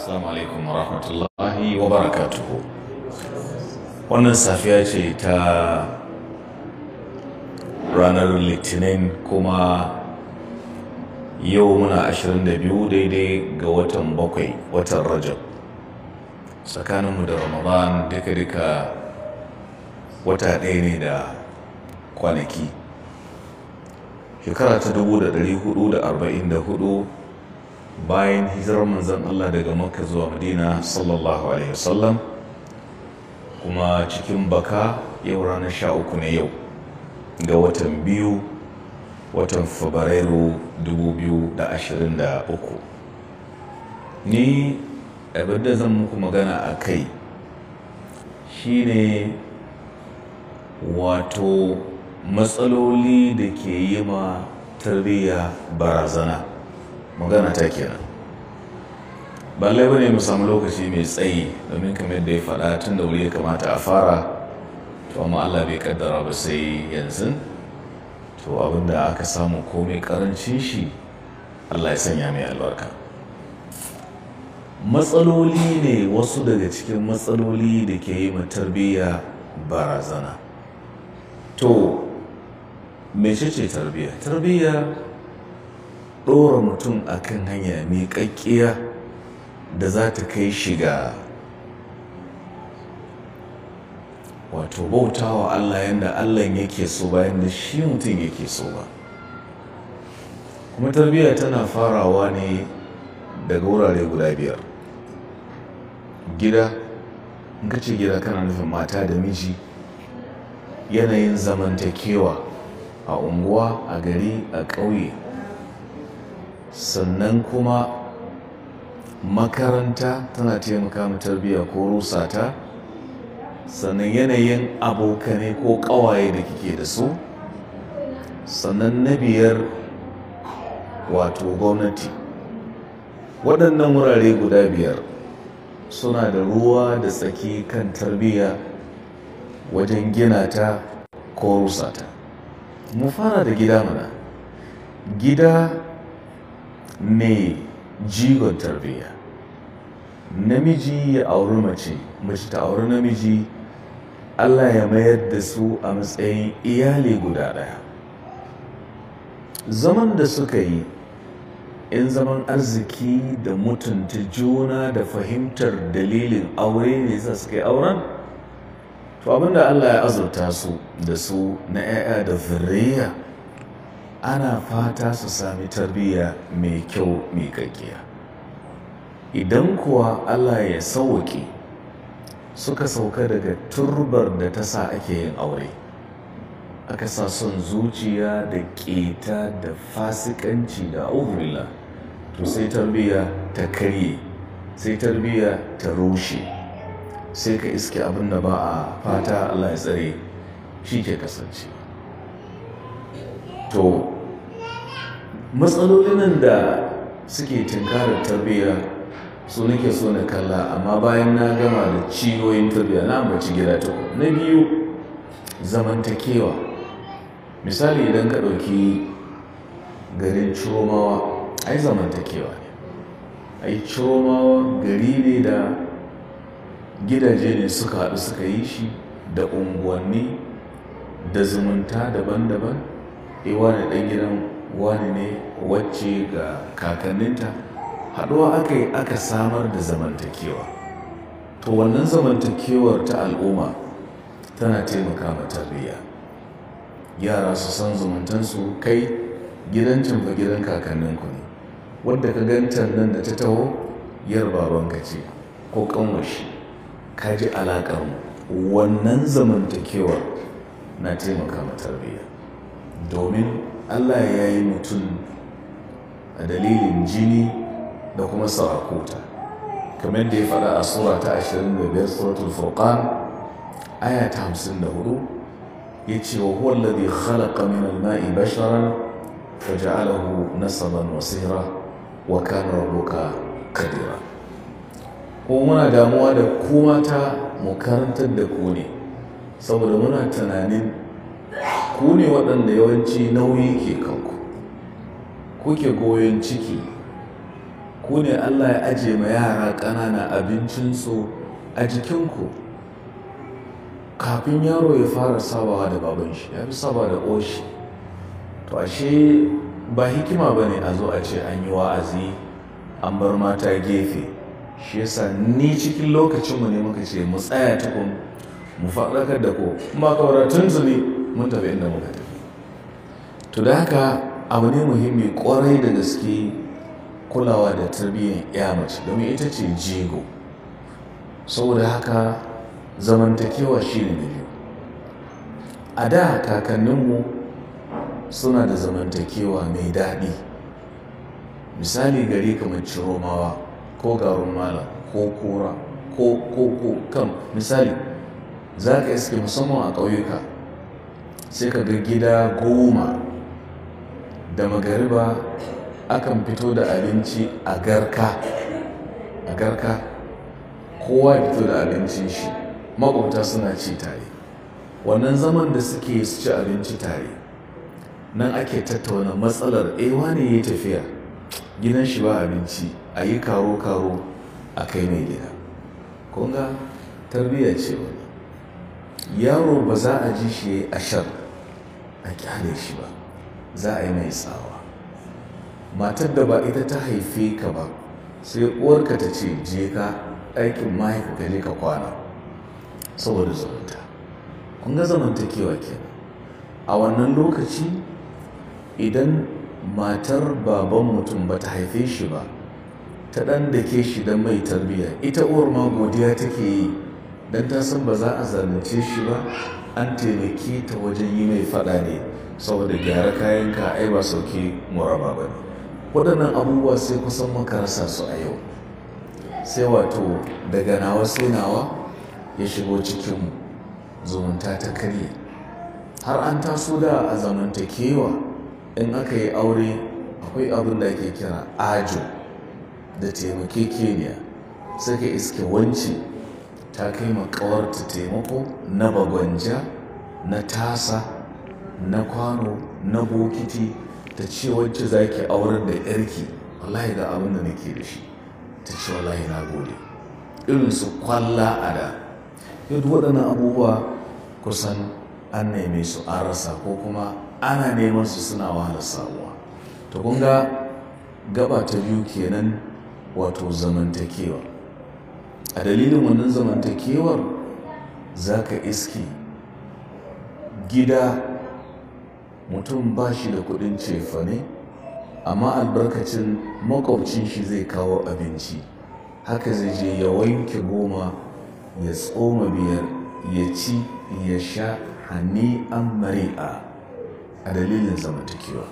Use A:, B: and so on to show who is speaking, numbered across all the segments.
A: Assalamu alaikum wa rahmatullahi wa barakatuhu. Wannan safiya ce ta ranar Litinin kuma yau muna 22 daidai ga watan bakwai watan Rajab. Tsakaninmu da Ramadan duka-duka wata ɗaya ne da kwanaki. Shekara ta 444 bayan hijirar manzan Allah daga makka zuwa madina sallallahu alaihi wasallam kuma cikin baka yau ranar sha uku na yau ga watan biyu watan fabrairu 2023 ni abin da zan muku magana a kai shine wato matsaloli da ke yi ma tarbiyya barazana magana ta kenan ba ne mu samu lokaci mai tsayi domin kamar da ya faɗa tun da wuri ya kamata a fara to amma Allah bai kaddara ba sai yanzu to abinda aka samu komai karancin shi Allah ya sanya mai albarka matsaloli ne wasu daga cikin matsaloli da ke yi tarbiyya barazana to mecece tarbiyya tarbiyya ɗora mutum a kan hanya miƙaƙƙiya da za ta kai shiga wato bauta wa Allah yadda Allah yake so ba yadda shi mutum yake so ba kuma tarbiyya tana farawa ne daga wurare guda biyar gida in ka ce gida kana nufin mata da miji yanayin zamantakewa a unguwa a gari a ƙauye sannan kuma makaranta tana taimaka mu tarbiyya ko rusata sannan yanayin abokane ko ƙawaye da kike da su sannan na biyar wato gwamnati waɗannan wurare guda biyar suna da ruwa da tsaki kan tarbiyya wajen gina ta ko rusata. mu fara da gida mana gida Me jigon tarbiyya namiji ya auri mace mace ta auri namiji allah ya mayar da su a matsayin iyali guda ɗaya zaman da suka yi in zaman arziki da mutunta juna da fahimtar dalilin aure ne sa suka yi auren to abinda allah ya azurta su da su na 'ya'ya da zurriya ana fata su sami tarbiyya mai kyau mai gaggiya idan kuwa allah ya sauke suka sauka daga turbar da ta sa ake yin aure aka sa son zuciya da keta da fasikanci da auhurila to sai tarbiyya ta karye sai tarbiyya ta rushe sai ka iske abin da ba a fata allah ya tsare shi ke kasancewa to matsalolin da suke tunkarar tarbiyya su nake so na kalla amma bayan na gama da ciwoyin tarbiyya na ambaci gida ta na biyu zamantakewa misali idan ka ɗauki garin ciromawa ai zamantakewa ne ai ciromawa gari ne da gidaje ne suka haɗu suka yi shi da unguwanni da zumunta daban-daban iwa eh, da ɗan gidan wani ne wacce ga kakanninta haɗuwa aka yi aka samar da zamantakewa to wannan zamantakewar ta al'umma tana taimaka ma tarbiyya yara su san zumuntansu kai gidan canfa gidan kakanninku ne wadda ka ganta nan da ta taho yar babanka ce ko kanwashi ka ji alaƙar wannan zamantakewar na taimaka ma tarbiyya domin allah ya yi mutum a dalilin jini da kuma sarakuta kamar da ya faɗa a sura ta 25 suratul furqan aya ta 54 ya ce wa huwa alladhi khalaqa min al-ma'i basharan faja'alahu nasaban wa sihra wa kana rabbuka qadira ko muna damuwa da kuma ta mu karantar da ku ne saboda muna tunanin ku ne waɗanda yawanci nauyi ke kanku kuke goyon ciki ku ne allah ya aje ma yara ƙanana abincinsu a jikinku kafin yaro ya fara sabawa da baban shi ya fi saba da oshi to ashe ba hikima ba ne a zo a ce an yi wa'azi an bar mata gefe shi yasa ni cikin lokacinmu ne muka ce mu tsaya tukun mu faɗakar da ku ba kauratun zuni mun tafi inda muka tafi to da haka abu ne muhimmi kwarai da gaske kulawa da tarbiyyar ya mace domin ita ce jego saboda haka zamantakewa shi ne biyu a da kakanninmu suna da zamantakewa mai daɗi misali gari kamar ciromawa ko garin mala ko kora ko ko kan misali za ka iske musamman a ƙauyuka sai ka ga gida goma da magariba akan fito da abinci a garka a garka kowa fito da abincin shi makwabta suna ci tare wannan zaman da suke su ci abinci tare nan ake tattauna matsalar ewa eh, ne ya tafiya gidan shi ba abinci a yi karo-karo a kai mai gida kunga tarbiyya ce wani yaro ba za a ji shi a shar a kyale shi ba za a yi mai tsawa matar da ba ita ta haife ka ba sai uwarka ta ce je ka aikin mahaifa ka ka kwana saboda zumunta kun ga zamantakewa kenan a wannan lokaci idan matar baban mutum ba ta haife shi ba ta ɗan da ke shi don mai tarbiyya ita uwar ma godiya take yi don ta san ba za a zalunce shi ba an taimake ta wajen yi mai fada ne saboda gyara kayanka ai ba sauki muraba ba ne waɗannan abubuwa sai kusan makarasa su a yau sai wato daga nawa sai nawa ya shigo cikin zumunta ta karye har an taso da a zamantakewa in aka yi aure akwai abin da ake kira ajo da taimake sai ka iske wanci ta kai makawar ta taimako na bagwanja na tasa na kwano na bokiti ta ce wacce za ki aurar da yarki wallahi ga abin da nake da shi ta ce wallahi na gode irin su kwalla a da yadda waɗannan abubuwa kusan an neme su an rasa ko kuma ana neman su suna wahalar samuwa to kun ga gaba ta biyu kenan wato zamantakewa a dalilin wannan zamantakewar za ka iske gida mutum ba shi da kudin cefane amma albarkacin makwabcin shi zai kawo abinci haka zai je ya wanke goma ya tsoma biyar ya ci ya sha hannu an mari'a a dalilin zamantakewar.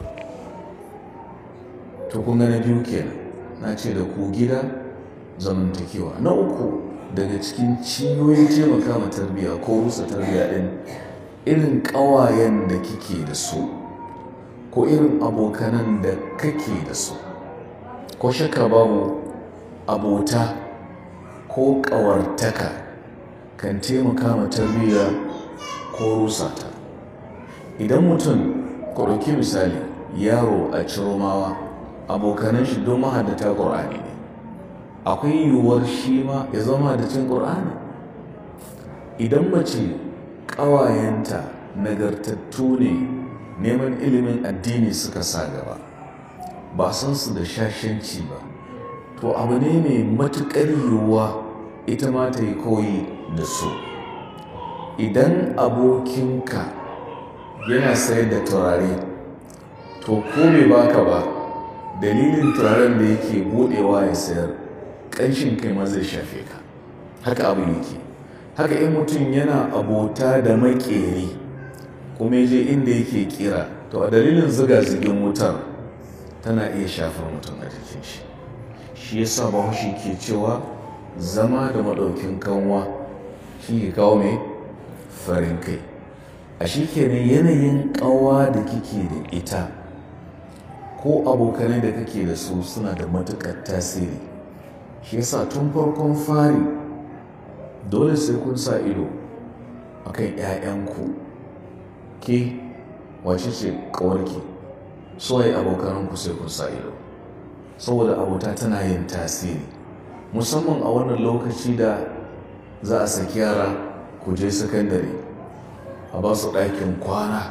A: to kun na biyu kenan na ce da ku gida zamantakewa na uku daga cikin ciyoyin taimaka ma tarbiyya ko rusa tarbiya ɗin irin ƙawayen da kike da su ko irin abokanan da kake da su ko shakka babu abota ko ƙawartaka kan taimaka ma tarbiyya ko rusa ta idan mutum ku ɗauki misali yaro a ciromawa abokanan shi don mahaddata ƙur'ani ne akwai yiwuwar shi ma ya zama da cin ƙur'ani idan mace ƙawayenta nagartattu ne neman ilimin addini suka sa gaba ba san su da shashanci ba to abu ne mai matuƙar yiwuwa ita ma ta yi koyi da su idan abokinka yana sayar da turare to ko mai baka ba dalilin turaren da yake buɗewa ya sayar ƙanshin kai ma zai shafe ka haka abin yake haka in mutum yana abota da maƙeri. kuma je inda yake kira to a dalilin ziga-zigin wutar tana iya shafar mutum a jikin shi shi ya yasa bahaushe ke cewa zama da maɗaukin kanwa shi ke kawo mai farin kai a shi kenan yanayin ƙawa da kike da ita ko abokanai da kake da su suna da matuƙar tasiri shi yasa tun farkon fari dole sai kun sa ido a kan 'ya'yanku ke wace ce ƙawarki yi abokananku sai kun sa ido saboda abota tana yin tasiri musamman a wannan lokaci da za a saki yara ku je sakandare a ba su ɗakin kwana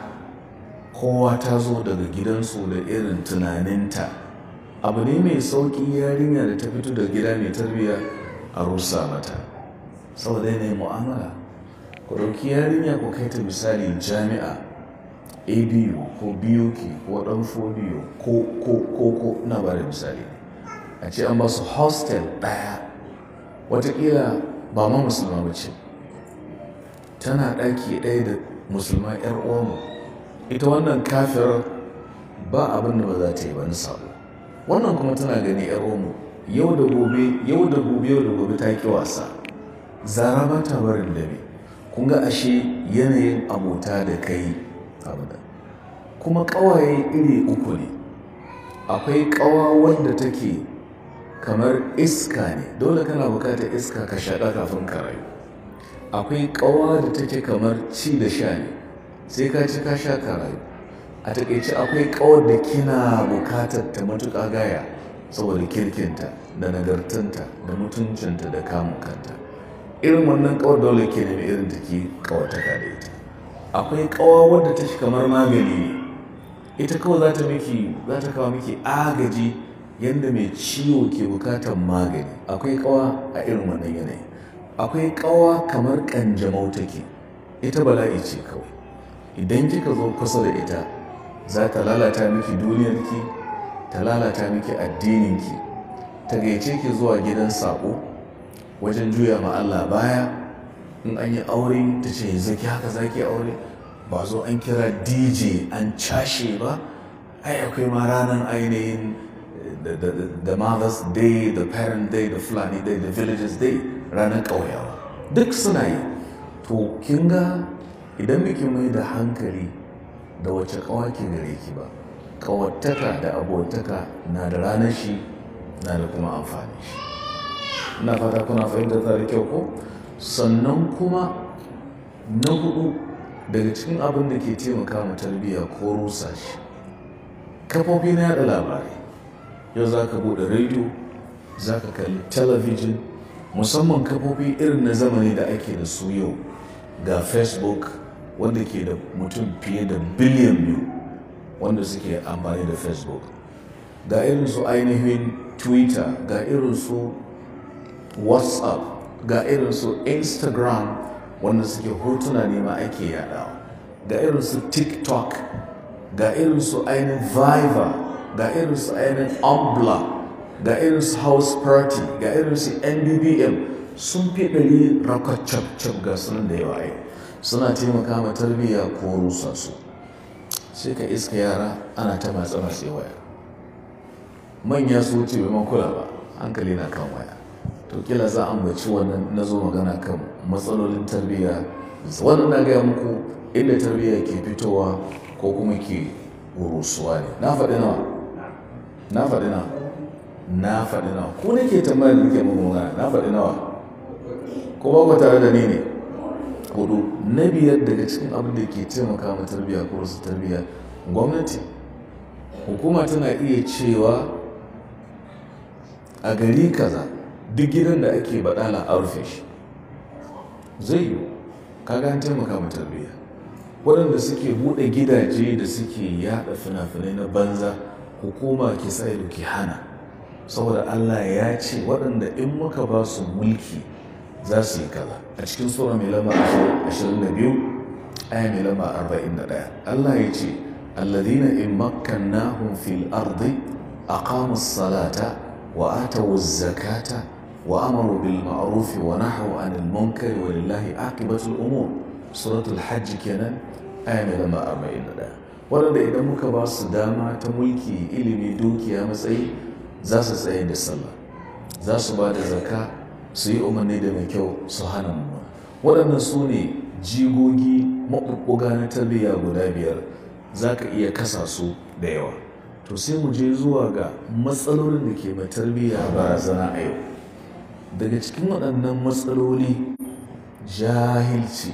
A: kowa ta zo daga gidansu da irin tunaninta abu ne mai sauƙi yarinya da ta fito da gida mai tarbiya a rusa mata saboda yanayin mu'amala ku ɗauki yarinya ku kai ta misali jami'a abu ko buk ko ɗan fobiyo ko ko ko ko na ba da misali a ce an ba su hostel ɗaya watakila ba ma musulma ba ce tana ɗaki ɗaya da musulma 'yar uwanmu ita wannan kafir ba abin da ba za ta yi ba na wannan kuma tana gani yar romu yau da gobe yau da gobe yau da gobe ta ki wasa zara ba ta barin dame kun ga ashe yanayin abota da kai kuma ƙawaye iri uku ne akwai ƙawa wanda take kamar iska ne dole kana bukatar iska ka shaɗa kafin ka rayu akwai ƙawa da take kamar ci da sha ne sai ka ci ka sha ka rayu a takaice akwai kawar da kina bukatar ta matuƙa gaya saboda kirkinta da nagartanta da mutuncinta da kamun kanta irin wannan kawar dole ke nemi irin take ka da ita akwai kawa wadda ta shi kamar magani ne ita kawai za ta miki za ta kawo miki agaji yadda mai ciwo ke bukatar magani akwai kawa a irin wannan yanayi akwai kawa kamar kanjamau take ita bala'i ce kawai idan kika zo kusa da ita za ta lalata miki duniyarki ta lalata miki addininki ta gaice ki zuwa gidan sako wajen juya ma Allah baya in an yi aure ta ce zaki haka zaki aure ba zo an kira dj an cashe ba ai akwai ma ranar ainihin eh, da mother's day da parent day da fulani day da villages day ranar ƙauyawa duk suna yi to kin ga idan muke mai da hankali da wace ƙawa ke gare ki ba ƙawataka da abotaka na da ranar shi na da kuma amfani shi ina fata kuna fahimtar ta kyau ko sannan kuma na hudu daga cikin abin da ke taimaka ma tarbiyya ko rusa shi kafofi na yada labarai yau za ka buɗe rediyo za ka kalli talabijin musamman kafofi irin na zamani da ake da su yau ga facebook wanda ke da mutum fiye da biliyan biyu wanda suke amfani da facebook ga irin su ainihin twitter ga irin su whatsapp ga irin su instagram wanda suke hotuna ne ma ake yadawa ga irin su tiktok ga irin su ainihin viber ga irin su ainihin umbla ga irin su house party ga irin su nbbm sun fi ɗari rakwacin cap ga sunan da yawa yau suna taimaka ma tarbiyya ko rusa su sai ka iska yara ana ta matsa matsa waya manya su wuce bai kula ba hankali na kan waya to kila za a ambaci wannan na zo magana kan matsalolin tarbiyya wannan na gaya muku inda tarbiyya ke fitowa ko kuma ke rusuwa ne na faɗi nawa na faɗi nawa na faɗi nawa ko nake tambayar da nake magana na faɗi nawa ko ba ku tare da ni ne hudu na biyar daga cikin abin da ke taimaka ma tarbiyya ko rasu tarbiyya gwamnati hukuma tana iya cewa a gari kaza duk gidan da ake baɗala a rufe shi zai yi kaga an taimaka ma tarbiyya waɗanda suke buɗe gidaje da suke yaɗa fina-finai na banza hukuma ke sa ido ke hana saboda allah ya ce waɗanda in muka ba su mulki za su yi kaza a cikin sura mai lamba 22 aya mai lamba 41 Allah ya ce alladhina in makkannahum fil ardi aqamu salata wa atawu zakata wa amaru bil ma'ruf wa nahawu 'anil munkar wa lillahi umur suratul hajj kenan aya mai lamba 41 wanda idan muka ba su dama ta mulki ilimi dukiya matsayi za su tsaye da sallah za su ba da zakka su yi umarni da mai kyau su hana mu waɗannan su ne jigogi maɓuɓɓuga na tarbiyya guda biyar za ka iya kasa su da yawa to sai mu je zuwa ga matsalolin da ke mai tarbiyya barazana a yau daga cikin waɗannan matsaloli jahilci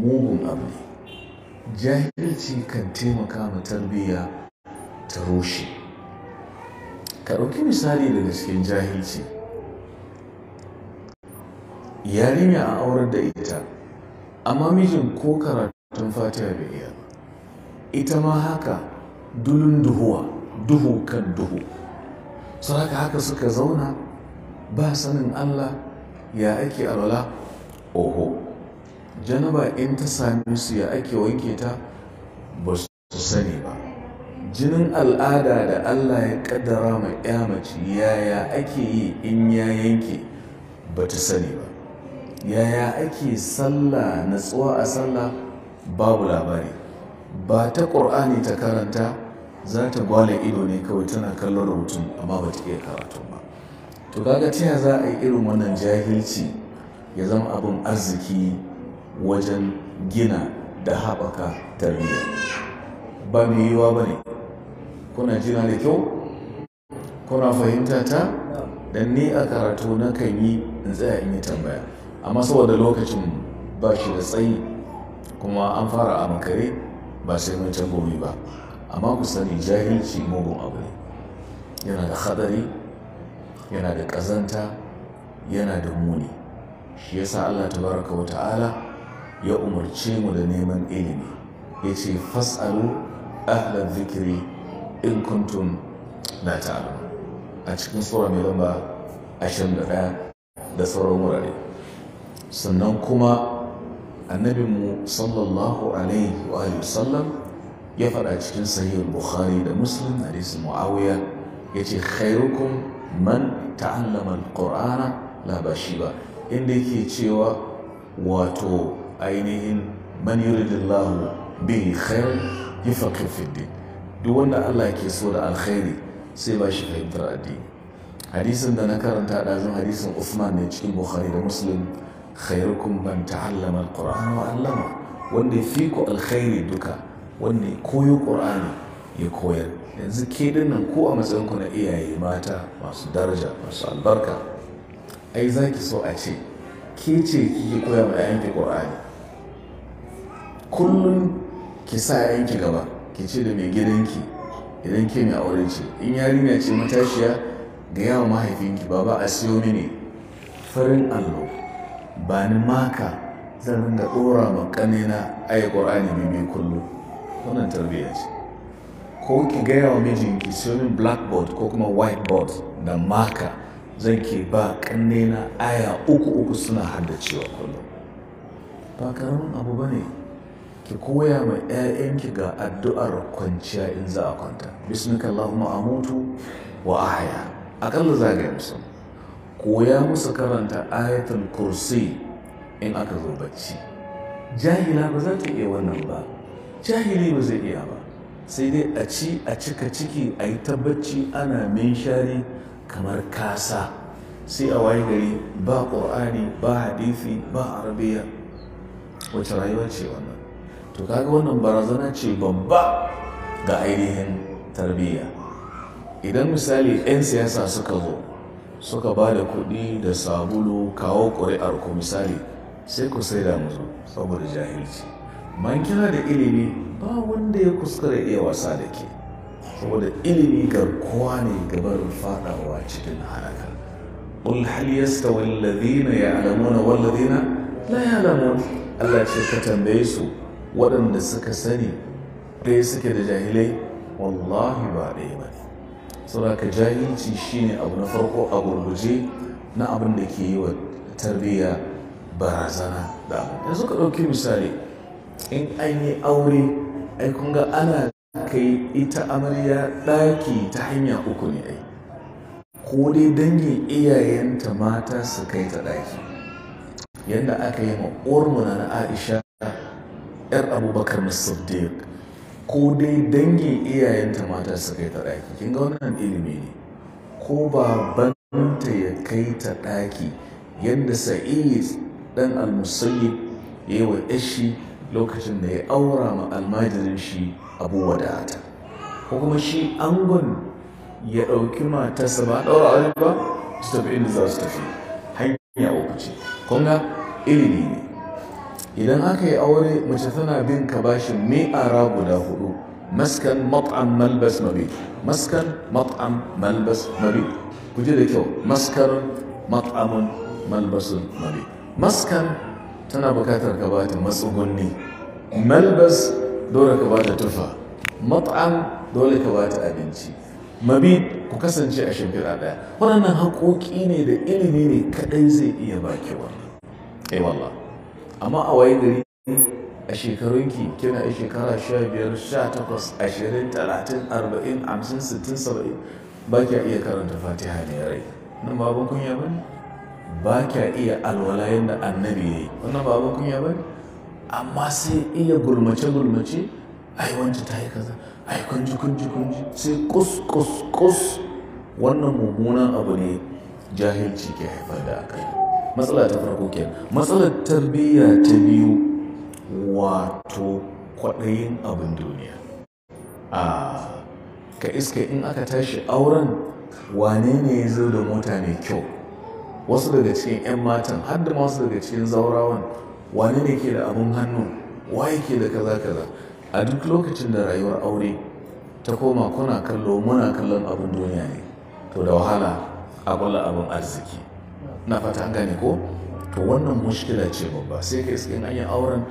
A: mugun abu ne jahilci kan taimaka ma tarbiyya ta rushe ka ɗauki misali daga cikin jahilci yarinya a aurar da ita amma mijin ko karatun fatiha bai iya ita ma haka dulun duhuwa duhu kan duhu su haka suka zauna ba sanin allah ya ake alwala oho janaba in ta sami su ya ake wanke ta ba su sani ba jinin al'ada da allah ya kaddara ma ya mace yaya ake yi in ya yanke ba ta sani ba yaya ake sallah natsuwa a sallah babu labari ba ta ƙur'ani ta karanta za ta gwale ido ne kawai tana kallon rubutun amma ba ta iya karatu ba to kaga ta za a yi irin wannan jahilci ya zama abin arziki wajen gina da haɓaka tarbiyya ba mai yiwuwa ba ne kuna jina da kyau kuna fahimta ta dan ni a karatu na kan yi in tsaya in yi tambaya amma saboda lokacin ba shi da tsayi kuma an fara a makare ba sai mun can gobe ba amma ku sani jahilci mugun abu ne yana da hadari yana da ƙazanta yana da muni shi yasa Allah tabaraka wa ta'ala ya umarce mu da neman ilimi Ya ce fas'alu ahlan zikiri, in kuntum la ta'lamun a cikin sura mai lamba 21 da sauran wurare sannan kuma annabinmu sallallahu alaihi wa sallam ya faɗa cikin sahihul bukhari da muslim hadisin muawiya ya ce khairukum man ta'allama alqur'ana la ba. inda yake cewa wato ainihin man yuridillahu bihi khairan yafaqih fi din duk wanda Allah ke so da alkhairi sai ba shi fahimtar addini hadisin da na karanta ɗazun hadisin Usman ne cikin Bukhari da Muslim khairukum man ta'allama alqur'ana wa 'allama wanda ya fi ku alkhairi duka wanda koyo qur'ani ya koyar yanzu ke dinnan ko a matsayin ku na iyaye mata masu daraja masu albarka ai zaki so a ce ke ce ki koya ma yayanki qur'ani kullum ki sa yanki gaba ki ce da mai gidanki idan ke mai ce in yarinya ce matashiya ga yawan mahaifinki baba a siyo mini farin allo ba ni maka zan ringa ɗora ma na ayi qur'ani mai kullu wannan tarbiyya ce ko ki gaya wa mijinki sunin blackboard ko kuma whiteboard da maka zan ke ba ƙannena aya uku uku suna haddacewa kullum ba karamin abu bane ki koya ma 'ya'yanki ga addu'ar kwanciya in za a kwanta bismika allahumma amutu wa ahya akalla zagaya musamman koya musu karanta ayatul kursi in aka zo bacci jahila ba za ta iya wannan ba jahili ba zai iya ba sai dai a ci a cika ciki a yi ta bacci ana minshari kamar kasa sai a waye gari ba ƙur'ani ba hadithi ba arabiya wace rayuwa ce wannan to kaga wannan barazana ce babba ga ainihin tarbiyya idan misali 'yan siyasa suka zo suka ba da kuɗi da sabulu kawo ƙuri'ar ku misali sai ku sai da musu saboda jahilci man kira da ilimi ba wanda ya kuskure iya wasa da ke saboda ilimi garkuwa ne gabar fadawa cikin halaka قل هل يستوي الذين يعلمون Na لا يعلمون Allah ce ka tambaye su waɗanda suka sani ɗaya suke da jahilai wallahi ba ɗaya ba ne saboda jahilci shine abu na farko a gurguje na abin da ke yi wa tarbiyya barazana da yanzu ka ɗauki misali in an yi aure ai kun ga ana kai ita amarya ɗaki ta hanya uku ne ai ko dai dangin iyayenta mata su kai ta ɗaki yadda aka yi ma na aisha 'yar abubakar na ko dai dangin iyayenta mata su kai ta ɗaki kin ga wannan ilimi ne ko babanta ya kai ta ɗaki yadda sa'id dan al-musayyib ya yi wa ishi lokacin da ya aura ma almajirin shi abu wadata ko kuma shi angon ya ɗauki matarsa ba ɗaura aure ba su tafi inda za su tafi hanya uku ce kun ilimi ne idan aka yi aure mace tana bin ka bashin mi'ara guda hudu maskan mat'am malbas mabi maskan mat'am malbas mabi ku ji da kyau maskarun mat'amun malbasun mabi maskan tana bukatar ka bata matsugunni malbas dole ka bata tufa mat'am dole ka bata abinci mabi ku kasance a shimfiɗa ɗaya waɗannan haƙoƙi ne da ilimi ne kaɗai zai iya baki wannan eh, amma a waye gari a shekarunki kina yi shekara sha biyar sha takwas ashirin talatin arba'in hamsin sittin saba'in ba kya iya karanta fatiha ne rai nan ba abin kunya ba ne ba kya iya alwala yadda annabi ya yi wannan ba abin kunya ba ne amma sai iya gulmace gulmace ai wancan ta yi kaza ai kunji kunji kunji sai kus kus kus wannan mummunan abu ne jahilci ke haifar da akai matsala ta farko ke matsalar tarbiyya ta biyu wato kwaɗayin abin duniya a ka iska in aka tashi auren wane ne ya zo da mota mai kyau wasu daga cikin 'yan matan har da masu daga cikin zaurawan wane ne ke da abin hannu waye ke da kaza kaza a duk lokacin da rayuwar aure ta koma kuna kallo muna kallon abin duniya ne to da wahala a abin arziki na fata gane ko to wannan mushkila ce babba sai ka iske an yi auren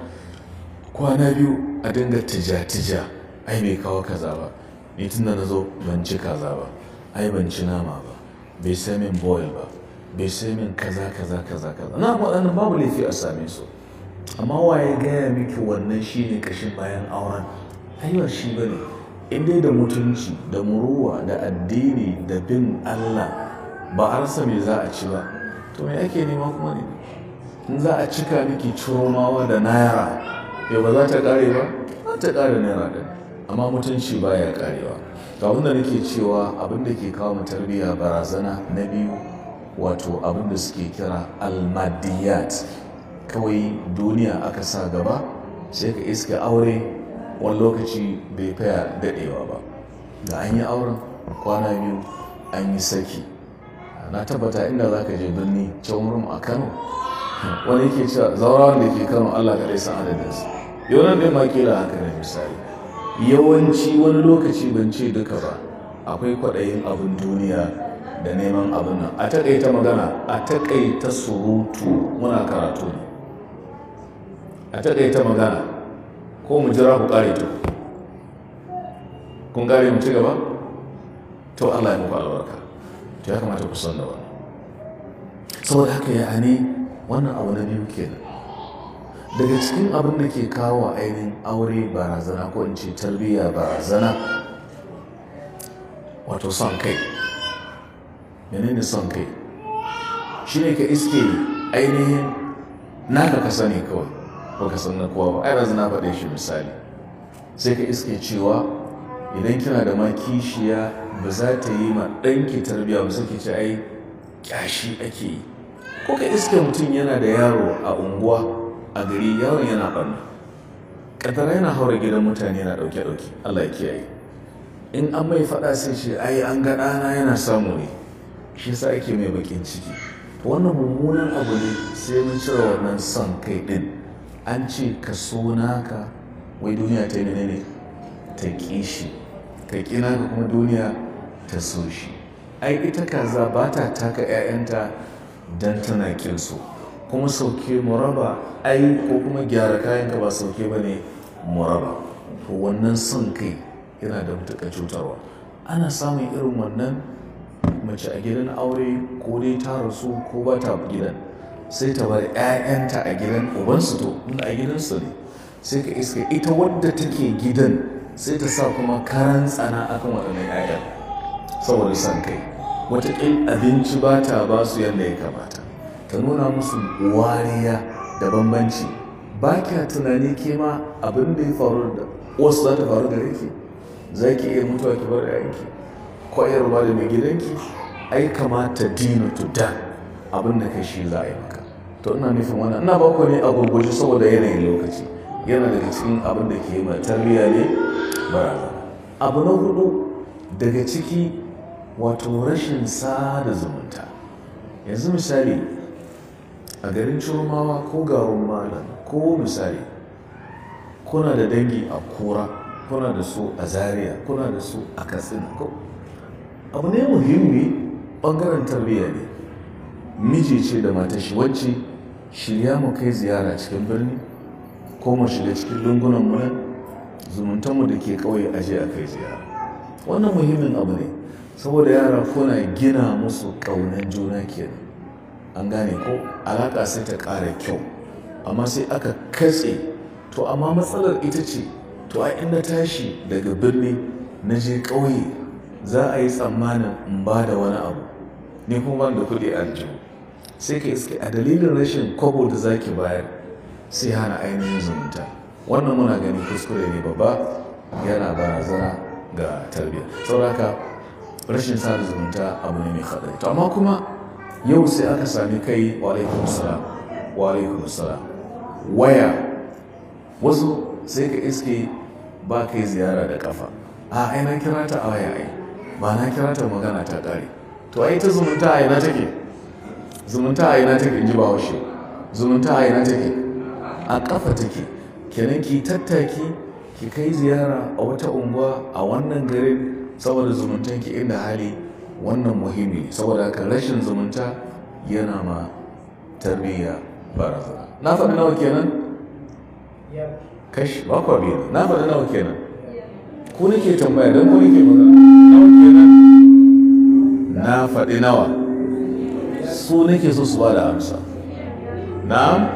A: kwana biyu a dinga tija-tija ai mai kawo kaza ba ni tun na zo ban ci kaza ba ai ban ci nama ba bai sai min boil ba bai sai min kaza kaza kaza kaza na waɗannan babu laifi a same su amma waye gaya miki wannan shine kashin bayan auren aiwa shi ne. in dai da mutunci da muruwa da addini da bin Allah ba arsa mai za a ci ba to me ake nema kuma ne in za a cika miki ciromawa da naira yara, eh, ba za ta kare ba za ta kare naira ɗin amma mutunci ba baya karewa ga wanda nake cewa abin da ke kawo mu tarbiyya barazana na biyu wato abin da suke kira almadiyat kawai duniya aka sa gaba sai ka iska aure wani lokaci bai faya daɗewa ba da an yi auren kwana biyu an yi saki na tabbata inda za ka je birni can a kano wani ke cewa zaura da ke kano allah kaɗai san adadinsa yau nan ma kila haka ne misali yawanci wani lokaci ban ce duka ba akwai kwaɗayin abin duniya da neman abin nan a taƙaita magana a taƙaita surutu muna karatu ne a taƙaita magana ko mu jira ku ƙare ta kun gare mu ci gaba to allah ya muku albarka ya kamata ku san da wani saboda haka ya ne wannan abu na biyu ke daga cikin abin da ke kawo ainihin aure barazana ko in ce tarbiyya barazana wato son kai menene son kai ne ka iske ainihin naka ka sani kawai baka san na kowa ba ai ba na faɗe shi misali sai ka iske cewa idan kina da ma kishiya ba za ta yi ma ɗanki tarbiya ba suke ki ce ai kyashi ake yi ko ka iske mutum yana da yaro a unguwa a gari yaron yana ɓarna ƙatara yana haura gidan mutane yana ɗauke-ɗauke allah ya kiyaye in an mai faɗa sai ce ai an ga ɗana yana samu ne shi sa ake mai bakin ciki wannan mummunan abu ne sai mun cire wannan son kai ɗin an ce ka so naka wai duniya ta yi ne ta ƙi shi ka kina ka kuma duniya ta so shi ai ita kaza ba ta taka 'ya'yanta don tana kin kinsu kuma sauke muraba ai ko kuma gyara kayanka ba sauke ba ne muraba wannan son kai yana da mutuƙa cutarwa ana samun irin wannan mace a gidan aure ko dai ta rasu ko ba ta gidan sai ta bar 'ya'yanta a gidan ubansu to a gidansu ne sai ka iska ita wadda take gidan sai ta sa kuma karan tsana akan waɗannan 'ya'yan saboda son kai wataƙil abinci ba ta ba su yadda ya kamata ta nuna musu wariya da bambanci ba kya tunani ke ma abin da ya faru da wasu za ta faru da rike za ki iya mutuwa ki bar yanki koyarwa da mai gidanki ai kamata dina to da abin da kai shi za a yi maka to ina nufin wannan ina ba ku ne a gurguje saboda yanayin lokaci yana daga cikin abin da ke ma tarbiyya ne abu na hudu daga ciki wato rashin sada zumunta yanzu misali a garin curmawa ko garin malam ko misali kuna da dangi a kura kuna da su a Zariya, kuna da su a katsina ko abu ne muhimmi ɓangaren tarbiyya ne miji ce da mata shi wacce shirya mu kai ziyara cikin birni ko mu shiga cikin lungunan mu zumuntanmu da ke kauye a je a kai ziyara wannan muhimmin abu ne saboda yara kuna gina musu ƙaunar juna kenan an gane ko alaƙa sai ta ƙara kyau amma sai aka katse to amma matsalar ita ce to a inda tashi daga birni na je ƙauye za a yi tsammanin in ba da wani abu ni kuma da kuɗi aljihu sai ka iske a dalilin rashin kwabo da zaki bayar sai hana ainihin zumunta wannan muna ganin kuskure ne babba yana barazana ga tarbiyya sauraka rashin sada zumunta abu ne mai haɗari to amma kuma yau sai aka sami kai walaikun sala walaikun sala waya wasu sai ka iske ba kai ziyara da kafa a ai na kira ta a waya ai ba na kira ta magana ta ƙare to ai ta zumunta a ina take zumunta a ina take in ji ba washe zumunta a ina take a kafa take kenan ki tattaki ki kai ziyara a wata unguwa a wannan garin saboda zumuntanki inda hali wannan muhimmi saboda ka rashin zumunta yana ma tarbiyya barazana na faɗi nawa kenan Kashi. ba kwa biyu na faɗi nawa kenan ku nake tambaya don ku nake maza nawa kenan na faɗi nawa su nake so su ba da amsa Na?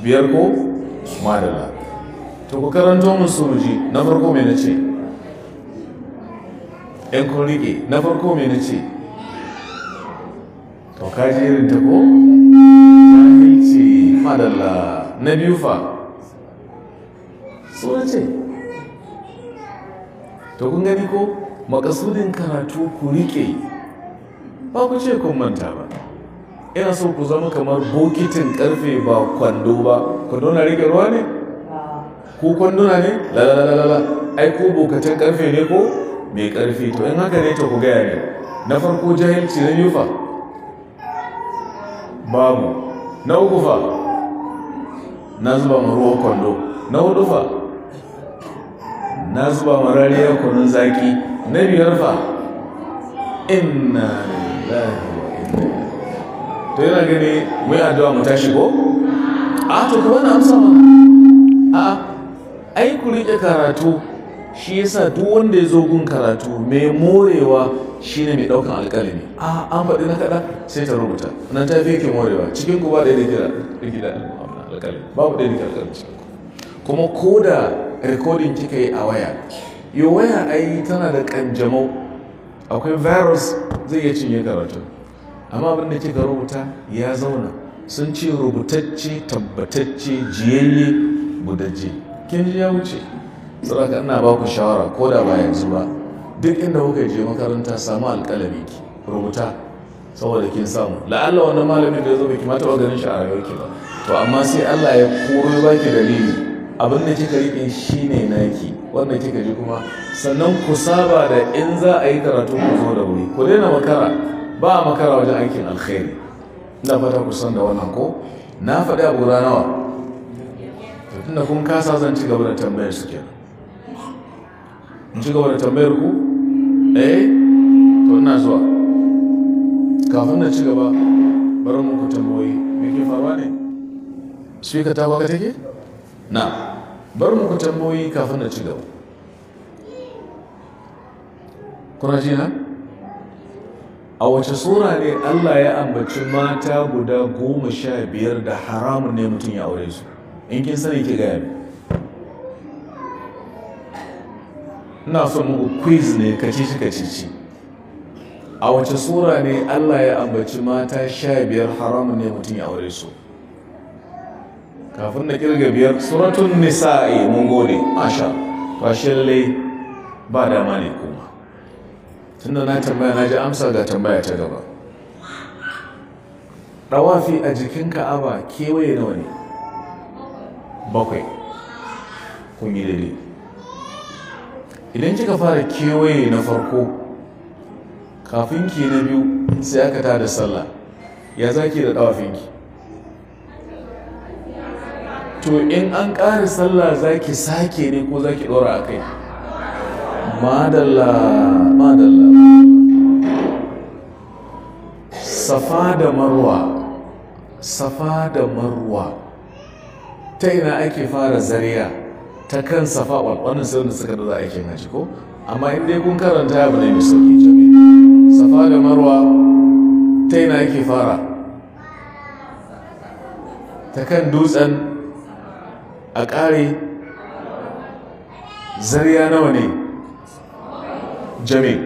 A: biyar ko madalla to ku karanto mun su mu ji na farko me ce in kun rike na farko me ce to ka ji irin ta ko jahilci madalla na biyu fa so ce to kun gani ko makasudin karatu ku rike ba ku ce kun manta ba ina so ku zama kamar bokitin karfe ba kwando ba kwando na rike ruwa ne ku na ne lalalala ai ku bokatan karfe ne ko mai karfe to in haka ne ta ku gaya ne na farko jahilci na yufa babu na uku fa na zuba ma ruwa kwando na hudu fa na zuba ma rariya kunun zaki na biyar fa inna lillahi wa inna to yana gani mai addu'a mu tashi ko a to ku wannan amsa
B: ma
A: a ai ku rike karatu shi yasa duk wanda ya zo gun karatu mai morewa shine mai daukan alƙalami a an faɗi na kaɗa sai ta rubuta nan ta fi ke morewa cikin ku ba ɗaya da kira rikida alƙalami babu ɗaya da kira alƙalami ku kuma ko da rikodin kika yi a waya yo waya ai tana da ƙanjamau akwai virus zai iya cinye karatu amma abin da kika rubuta ya zauna sun ce rubutacce tabbatacce jiyayye budaje kin ji ya wuce saboda ina ba shawara ko da ba yanzu ba duk inda kuka je makaranta samu alƙalami ki rubuta saboda kin samu la'alla wannan malamin da ya zo baki ma ba ganin shi a rayuwarki ba to amma sai Allah ya koro baki dalili abin da kika riƙe shine naki wanda kika ji kuma sannan ku saba da in za a yi karatu ku zo da wuri ku daina makara ba makara wajen aikin alkhairi ina fata kusan san da wannan ko na faɗi abu guda nawa da kun kasa zan ci gaba da tambayar su kenan in ci gaba da tambayar ku eh to ina zuwa kafin na ci gaba bari muku tambayoyi me ke faruwa ne shi ka ta baka take na bari muku tambayoyi kafin na ci gaba kuna ji na a wace sura ne Allah ya ambaci mata guda goma sha biyar da haramun ne mutum ya aure su in kin sani ki gaya ne. ina son muku quiz ne kacici kacici a wace sura ne Allah ya ambaci mata sha biyar haramun ne mutum ya aure su kafin na kirga biyar suratun nisa'i mun gode Asha, fashin lai ba dama ne ko tunda na tambaya na ji amsa ga tambaya ta gaba ɗawafi a jikin ka'aba kewaye nawa ne bakwai kun yi daidai idan kika fara kewaye na farko kafin ki na biyu sai aka da sallah ya za ki da ɗawafinki to in an ƙara sallah za ki sake ne ko za ki ɗora a kai madalla madalla safa da marwa safa da marwa ta ina ake fara zariya ta kan safa wannan sai wanda suka dada aikin haji ko amma in dai kun karanta abu ne mai sauki jami safa da marwa ta ina ake fara ta kan dutsen a ƙare zariya nawa ne jamil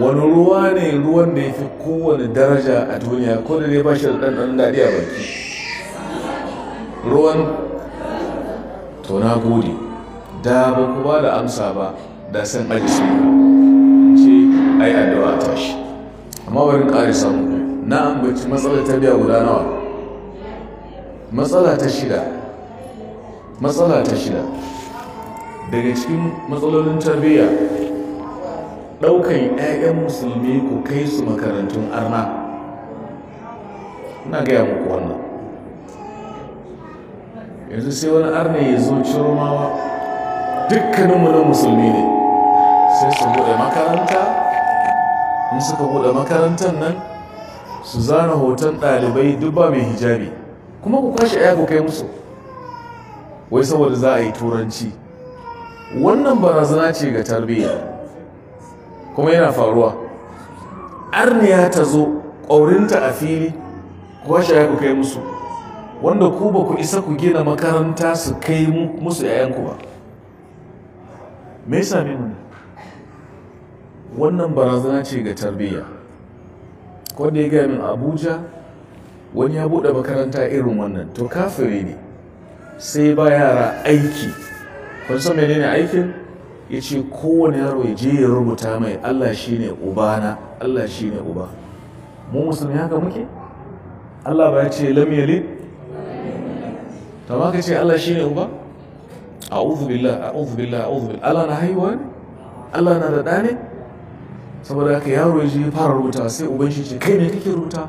A: wani ruwa ne ruwan da ya fi kowane daraja a duniya ko da ne ba shi da ɗanɗan daɗi a baki ruwan to na gode da ba ku ba da amsa ba da san ajisu ce ai addu'a ta shi amma bari ƙari samu na ambaci matsala ta biya guda nawa matsala ta shida matsala ta shida daga cikin matsalolin tarbiyya ɗaukan 'ya'yan musulmi ku kai su makarantun arna na gaya muku wannan yanzu sai wani arna ya zo ciromawa dukkaninmu na musulmi ne sai su buɗe makaranta in suka buɗe makarantar nan su zana hoton ɗalibai duk mai hijabi kuma ku kwashe 'ya ku kai musu wai saboda za a yi turanci wannan barazana ce ga tarbiyya kuma yana faruwa arniya ta zo ƙaurinta a fili kwashe ya ku kai musu wanda ku ba ku isa ku gina makaranta su kai musu yayanku ba me yasa ne wannan barazana ce ga tarbiyya da ya min abuja wani ya buɗe makaranta irin wannan to kafiri ne sai ba yara aiki kun san menene aikin ya ce kowane yaro ya je ya rubuta mai Allah shi ne ubana Allah shi ne uba mu musulmi haka muke Allah ba ya ce lam yalid ta ma ka ce Allah shi ne uba a'udhu billah a'udhu billah a'udhu billah Allah na haihuwa ne Allah na da ɗa ne saboda haka yaro ya je ya fara rubuta sai uban shi ce kai ne kake rubuta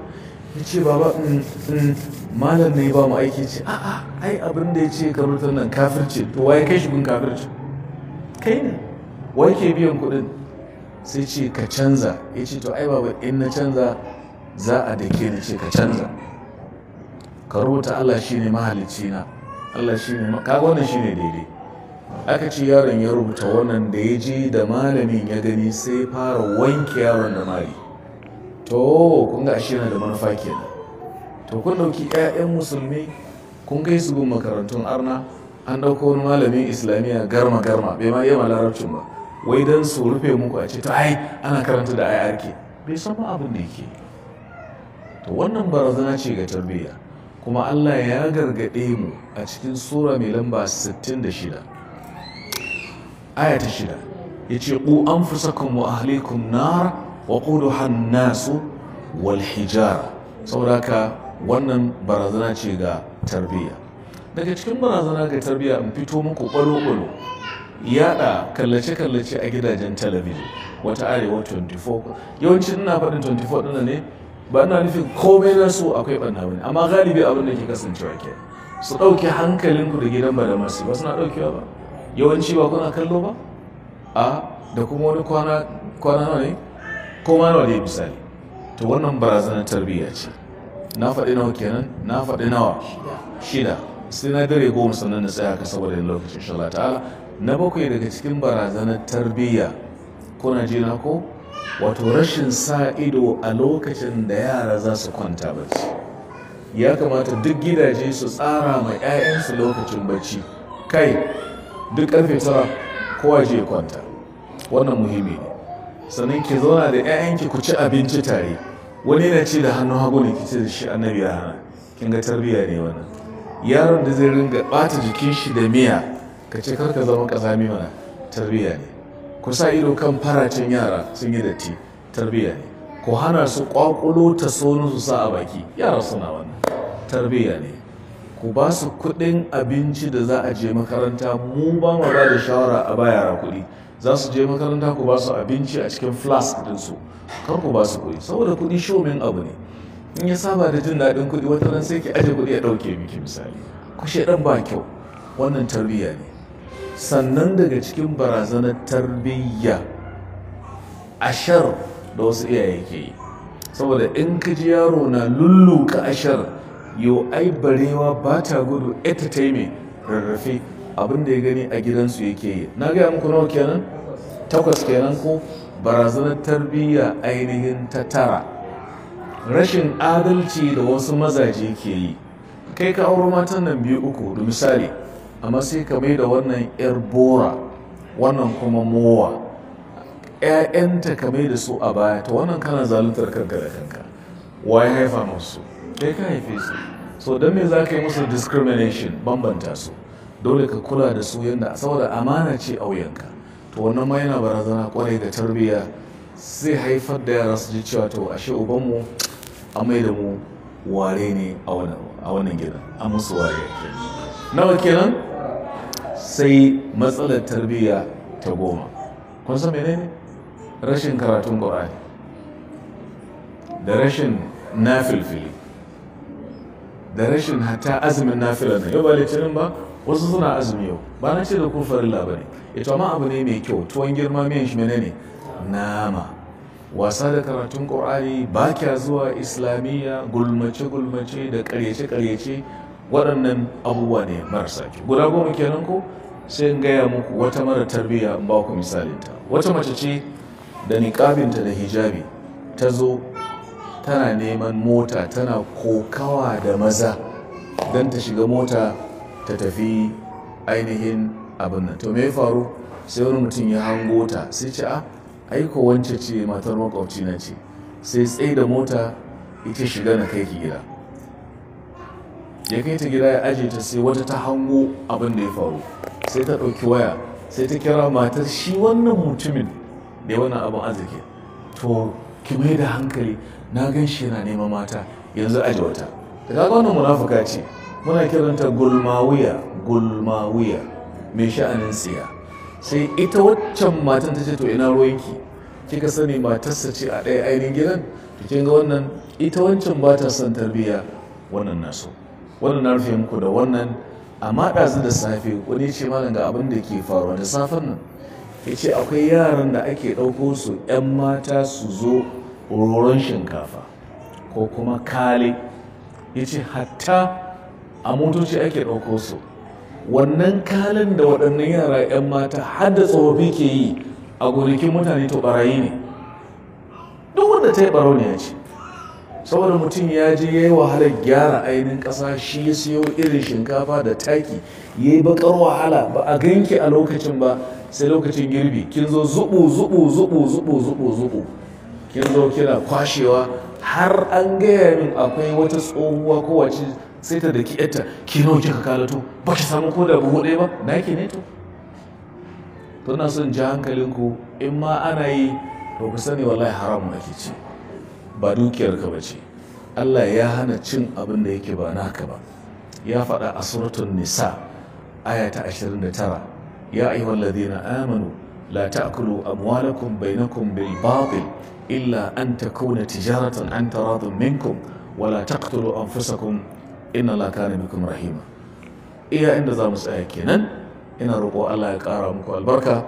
A: ya ce baba malam ne ba mu aiki ce a'a ai abin da ya ce ta nan kafirce to waye kai shi gun kafirce kai ne waye ke biyan kuɗin sai ce ka canza ya ce to ai baba in na canza za a dake ni ce ka canza ka rubuta Allah shi ne mahalicci na Allah ne kaga shi ne daidai aka ce yaron ya rubuta wannan da ya je da malamin ya gani sai fara wanke yaron da mari to kun ga ashe na da manufa kenan to kun ɗauki 'ya'yan musulmi kun kai su bin makarantun arna an ɗauko wani malamin islamiyya garma garma bai ma yama larabcin ba wai don su rufe muku a ce ta ai ana karanta da irk bai san ma abin da yake to wannan barazana ce ga tarbiyya kuma allah ya gargaɗe mu a cikin sura mai lamba 66 aya ta shida yace ce ku an fusa kuma ahlikum nar wa quluha nasu wal hijara saboda wannan barazana ce ga tarbiyya daga cikin barazana ga tarbiyya in fito muku ɓalo-ɓalo yada kallace-kallace a gidajen talabijin wata arewa 24 yawancin ina faɗin 24 ɗin ne ba ina nufin komai na su akwai ɓanna bane amma galibi abin da ke kasancewa ke su ɗauke hankalinku da gidan ba da masu ba suna ɗaukewa ba yawanci ba kuna kallo ba a da kuma wani kwana kwana ne ko ma nawa dai misali to wannan barazanar tarbiyya ce na faɗi nawa kenan na faɗi nawa shida sai na dare goma sannan na tsaya ka saboda yin lokacin Allah ta'ala na bakwai daga cikin barazanar tarbiyya ko na jina ko wato rashin sa ido a lokacin da yara za su kwanta bacci ya kamata duk gidaje su tsara ma 'ya'yansu lokacin bacci kai duk karfe tara kowa je kwanta wannan muhimmi ne sannan ki zauna da 'ya'yanki ku ci abinci tare wani na ci da hannun hagu ne ki ce da shi annabi ya hana kin ga tarbiyya ne wannan yaron da zai ringa bata jikin shi da miya ka ce kar ka zama kazami mana tarbiyya ne ku sa ido kan faracin yara sun yi datti tarbiyya ne ku hana su ƙwaƙulo ta sonu su sa a baki yara suna wannan tarbiyya ne ku ba su kuɗin abinci da za a je makaranta mu ba mu da shawara a ba yara kuɗi za su je makaranta ku ba su abinci a cikin flask ɗinsu kar ku ba su kuɗi saboda kuɗi shomin abu ne in ya saba da jin daɗin kuɗi wata ran sai ki aje kuɗi ya ɗauke miki misali kushe ɗan ba kyau wannan tarbiyya ne sannan daga cikin barazanar tarbiyya ashar da wasu iyaye ke yi saboda in ka ji yaro na lulluka ashar yau ai barewa ba ta gudu ita ta yi mai rarrafe abin da ya gani a gidansu yake yi na gaya muku nawa kenan takwas kenan ko barazanar tarbiyya ainihin ta tara rashin adalci da wasu mazaje ke yi kai ka auro matan nan biyu uku da misali amma sai ka mai da wannan yar bora wannan kuma mowa Ƴaƴanta ka mai da su a baya ta wannan kana zaluntar kanka da kanka ya haifa musu kai ka haife su so don me za ka yi musu discrimination bambanta su dole ka kula da su yadda saboda amana ce a wuyanka to wannan ma yana barazana kwarai ga tarbiyya sai haifar da yara su ji cewa to ashe ubanmu a mai da mu ware ne a wannan gidan a musu ware nawa kenan sai matsalar tarbiyya ta goma kun san menene rashin karatun ƙwarai da rashin nafilfili da rashin hata azumin nafilar na yau ba litinin ba wasu suna azumi yau ba na ce da kun farin ba ne ita ma abu ne mai kyau tuwon girma miyan shi menene nama wasa da karatun ƙur'ani ba kya zuwa islamiyya gulmace-gulmace da ƙaryace-ƙaryace waɗannan abubuwa ne marasa kyau guda goma kenan ko sai in gaya muku wata mara tarbiyya ba ku misalinta wata mace ce da niƙabinta da hijabi ta zo tana neman mota tana kokawa da maza don ta shiga mota ta tafi ainihin abin nan to me ya faru sai wani mutum ya hango ta sai ce a ah, aiko wance ce matar makwabci na ce sai tsaye da mota ita shiga na kai ki gida ya kai ta gida ya aje ta sai wata ta hango abin da ya faru sai ta ɗauki waya sai ta kira matar shi wannan mutumin da ya wannan abin arziki to ki mai da hankali na gan shi yana neman mata yanzu aje wata ta kaga wannan munafuka ce muna kiranta gulmawiya gulmawiya mai sha'anin siya sai ita waccan matan ta ce to ina ruwanki kika sani matarsa ce a ɗaya ainihin gidan to kin ga wannan ita wancan ba ta son tarbiyya wannan naso wannan na rufe muku da wannan amma ɗazu da safe wani ce malam ga abin da ke faruwa da safen nan ya ce akwai yaran da ake ɗauko su 'yan mata su zo roron shinkafa ko kuma kale ya ce hatta a motoci ake ɗauko su wannan kalan da waɗannan yara 'yan mata har da tsofaffi ke yi a gonakin mutane to barayi ne duk wanda ta yi baro ne ya ce saboda mutum ya je ya yi wahalar gyara ainihin ƙasa shi ya siyo irin shinkafa da taki ya yi baƙar wahala ba a ganki a lokacin ba sai lokacin girbi kin zo zubu zubu zubu zubu zubu zubu kin zo kina kwashewa har an gaya min akwai wata tsohuwa kowace sai ta da ki yatta ki nawa kika kalato ba ki samu ko da buhu ɗaya ba na ki ne to to na son ji hankalinku in ma ana yi to ku sani wallahi haramun ake ce ba dukiyar ka bace Allah ya hana cin abin da yake ba naka ba ya faɗa a suratul nisa aya ta 29 ya ayyuhal ladina amanu la ta'kulu amwalakum bainakum bil batil illa an takuna tijaratan an taradun minkum wala taqtulu anfusakum inna la kana rahima iya inda za mu tsaya kenan ina roƙo Allah ya ƙara muku albarka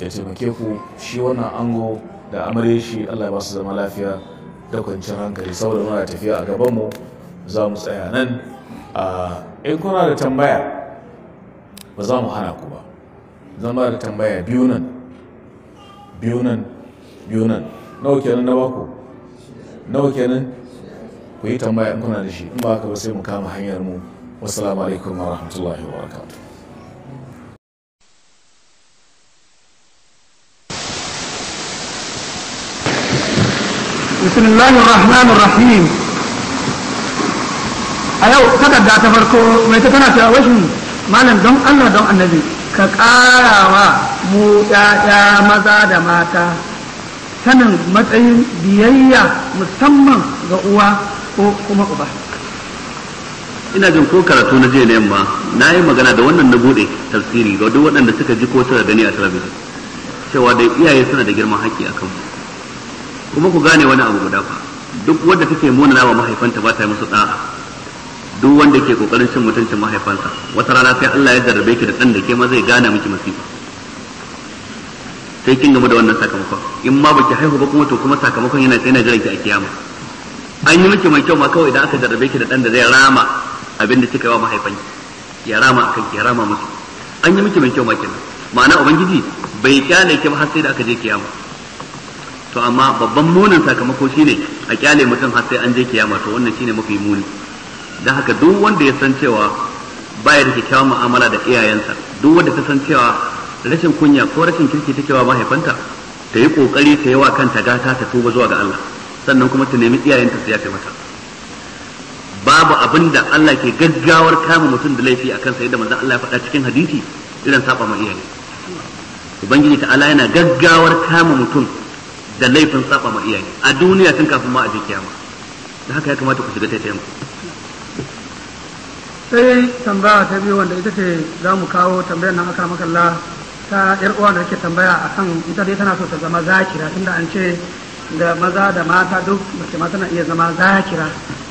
A: ya taimake ku shi wannan ango da amare shi Allah ya ba su zama lafiya da kwanciyar hankali saboda muna tafiya a gaban mu za mu tsaya nan a in kuna da tambaya ba za mu hana ku ba zan ba da tambaya biyu nan biyu nan biyu nan nawa kenan na baku nawa kenan ku yi tambaya in kuna da shi in ba ka sai mu kama hanyar mu wasu alaikum wa rahmatullahi wa
C: a yau takarda ta farko mai ta tana cewa malam don allah don annabi ka wa mu ya maza da mata sanin matsayin biyayya musamman ga uwa ko kuma uba
D: ina jin ko karatu na jiya na yamma na yi magana da wannan na bude tafsiri ga duk waɗanda suka ji ko suka gani a talabijin cewa da iyaye suna da girman haƙƙi a kanmu kuma ku gane wani abu guda fa duk wanda take munana wa mahaifanta ba ta yi musu da'a duk wanda ke kokarin cin mutuncin mahaifansa wata rana sai Allah ya jarrabe ki da dan da ke ma zai gane miki masifa sai kin gamu da wannan sakamakon in ma baki haihu ba kuma to kuma sakamakon yana sai na jiran ki a kiyama an yi miki mai kyau ma kawai idan aka jarrabe ki da dan da zai rama abin da kika yi wa ki ya rama kan ki ya rama musu an yi miki mai kyau ma kenan ma'ana ubangiji bai kyale ki ba har sai da aka je kiyama to amma babban munin sakamako shine a kyale mutum har sai an je kiyama to wannan shine mafi muni dan haka duk wanda ya san cewa baya da kyakkyawar mu'amala da iyayensa duk wanda ta san cewa rashin kunya ko rashin kirki take wa mahaifanta ta yi kokari ta yi wa kanta gata ta tuba zuwa ga Allah sannan kuma ta nemi iyayenta su yafe mata babu da Allah ke gaggawar kama mutum da laifi akan sai da manzon Allah ya faɗa cikin hadisi idan saba ma iyaye ubangiji ta'ala yana gaggawar kama mutum da laifin saba ma iyaye a duniya tun kafin ma a je kiyama da haka ya kamata ku shiga taitayen ku
C: sai tambaya ta biyu wanda ita ce za mu kawo tambayar nan aka Allah ta yar uwa da take tambaya akan ita dai tana so ta zama zakira tunda an ce da maza da mata duk mace ma tana iya zama zakira